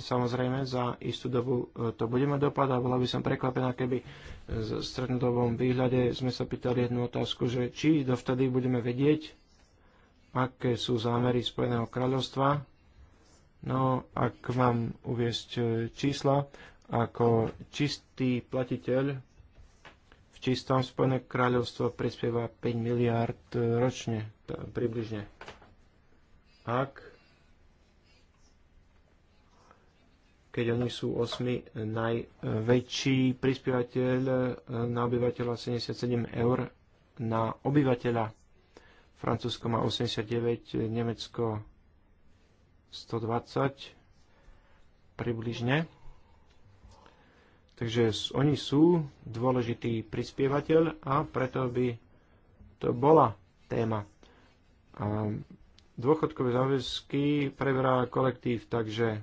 samozrejme za istú dobu e, to bude mať dopad a bola by som prekvapená, keby v strednodobom výhľade sme sa pýtali jednu otázku, že či dovtedy budeme vedieť, aké sú zámery Spojeného kráľovstva. No, ak mám uviesť e, čísla, ako čistý platiteľ v čistom Spojené kráľovstvo prispieva 5 miliard e, ročne, približne ak keď oni sú 8 najväčší prispievateľ eh, na obyvateľa 77 eur na obyvateľa. Francúzsko má 89, eh, Nemecko 120 približne. Takže oni sú dôležitý prispievateľ a preto by to bola téma. A dôchodkové záväzky preberá kolektív, takže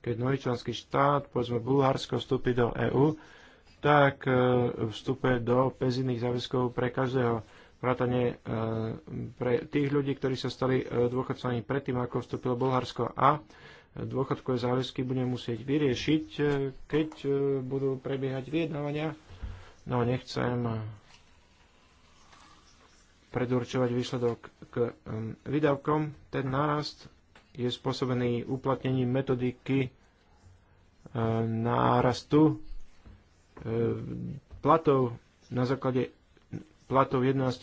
keď nový členský štát, povedzme Bulharsko, vstúpi do EÚ, tak e, vstúpe do pezinných záväzkov pre každého vrátane e, pre tých ľudí, ktorí sa stali e, dôchodcami predtým, ako vstúpilo Bulharsko a dôchodkové záväzky bude musieť vyriešiť, keď budú prebiehať vyjednávania. No nechcem predurčovať výsledok k um, výdavkom. Ten nárast je spôsobený uplatnením metodiky uh, nárastu uh, platov na základe platov 11 uh,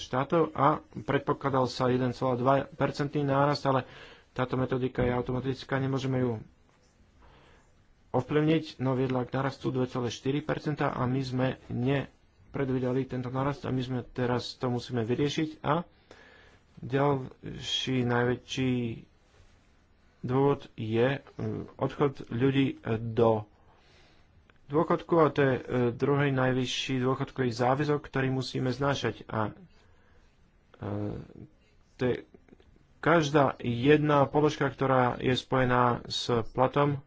štátov a predpokladal sa 1,2% nárast, ale táto metodika je automatická, nemôžeme ju ovplyvniť, no viedla k narastu 2,4% a my sme ne predvídali tento narast a my sme teraz to musíme vyriešiť. A ďalší najväčší dôvod je mm, odchod ľudí e, do dôchodku a to je e, druhý najvyšší dôchodkový záväzok, ktorý musíme znášať. A e, to je každá jedna položka, ktorá je spojená s platom,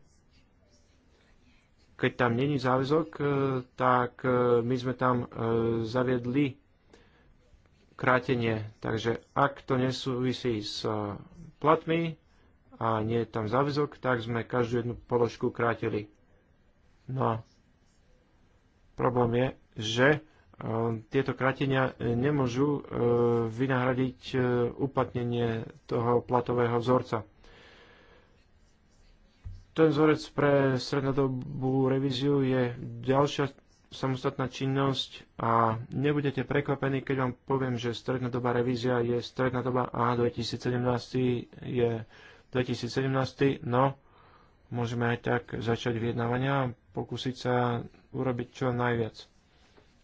keď tam není záväzok, e, tak e, my sme tam e, zaviedli krátenie. Takže ak to nesúvisí s platmi a nie je tam záväzok, tak sme každú jednu položku krátili. No problém je, že tieto krátenia nemôžu vynahradiť uplatnenie toho platového vzorca. Ten vzorec pre strednodobú revíziu je ďalšia samostatná činnosť a nebudete prekvapení, keď vám poviem, že strednodobá revízia je strednodoba a 2017 je 2017, no môžeme aj tak začať vyjednávania a pokúsiť sa urobiť čo najviac.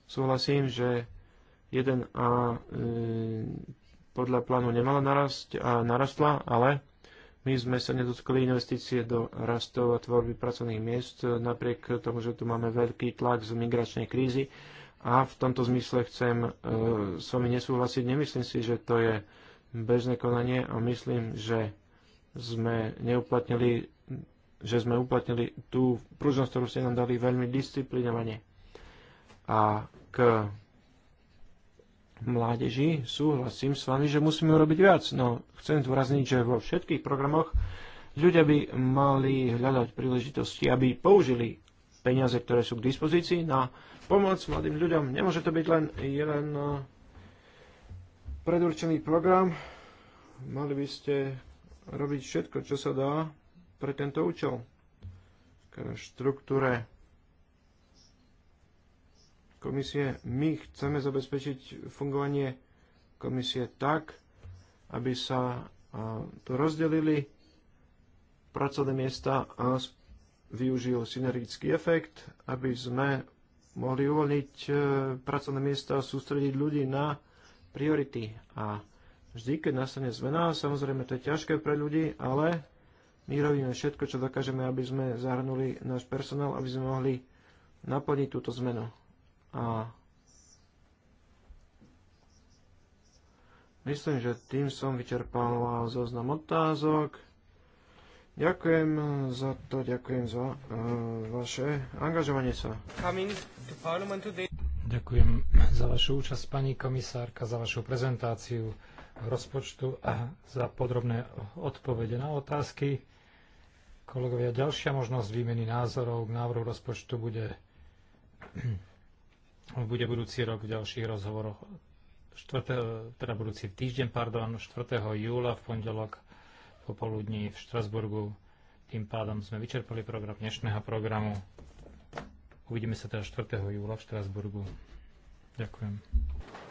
Súhlasím, že 1A e, podľa plánu nemala narasť a narastla, ale my sme sa nedotkli investície do rastov a tvorby pracovných miest, napriek tomu, že tu máme veľký tlak z migračnej krízy. A v tomto zmysle chcem e, s vami nesúhlasiť. Nemyslím si, že to je bežné konanie a myslím, že sme neuplatnili že sme uplatnili tú pružnosť, ktorú ste nám dali veľmi disciplinovane. A k mládeži, súhlasím s vami, že musíme urobiť viac. No chcem zúrazniť, že vo všetkých programoch ľudia by mali hľadať príležitosti, aby použili peniaze, ktoré sú k dispozícii na pomoc mladým ľuďom. Nemôže to byť len jeden eh, predurčený program. Mali by ste robiť všetko, čo sa dá pre tento účel. K štruktúre komisie. My chceme zabezpečiť fungovanie komisie tak, aby sa tu rozdelili pracovné miesta a využil synergický efekt, aby sme mohli uvoľniť e, pracovné miesta a sústrediť ľudí na priority. A vždy, keď nastane zmena, samozrejme to je ťažké pre ľudí, ale my robíme všetko, čo dokážeme, aby sme zahrnuli náš personál, aby sme mohli naplniť túto zmenu. A myslím, že tým som vyčerpal zoznam otázok. Ďakujem za to, ďakujem za uh, vaše angažovanie sa. Ďakujem za vašu účasť, pani komisárka, za vašu prezentáciu rozpočtu a za podrobné odpovede na otázky. Kolegovia, ďalšia možnosť výmeny názorov k návrhu rozpočtu bude bude budúci rok v ďalších rozhovoroch 4. teda budúci týždeň, pardon, 4. júla v pondelok popoludní v Štrasburgu. Tým pádom sme vyčerpali program dnešného programu. Uvidíme sa teda 4. júla v Štrasburgu. Ďakujem.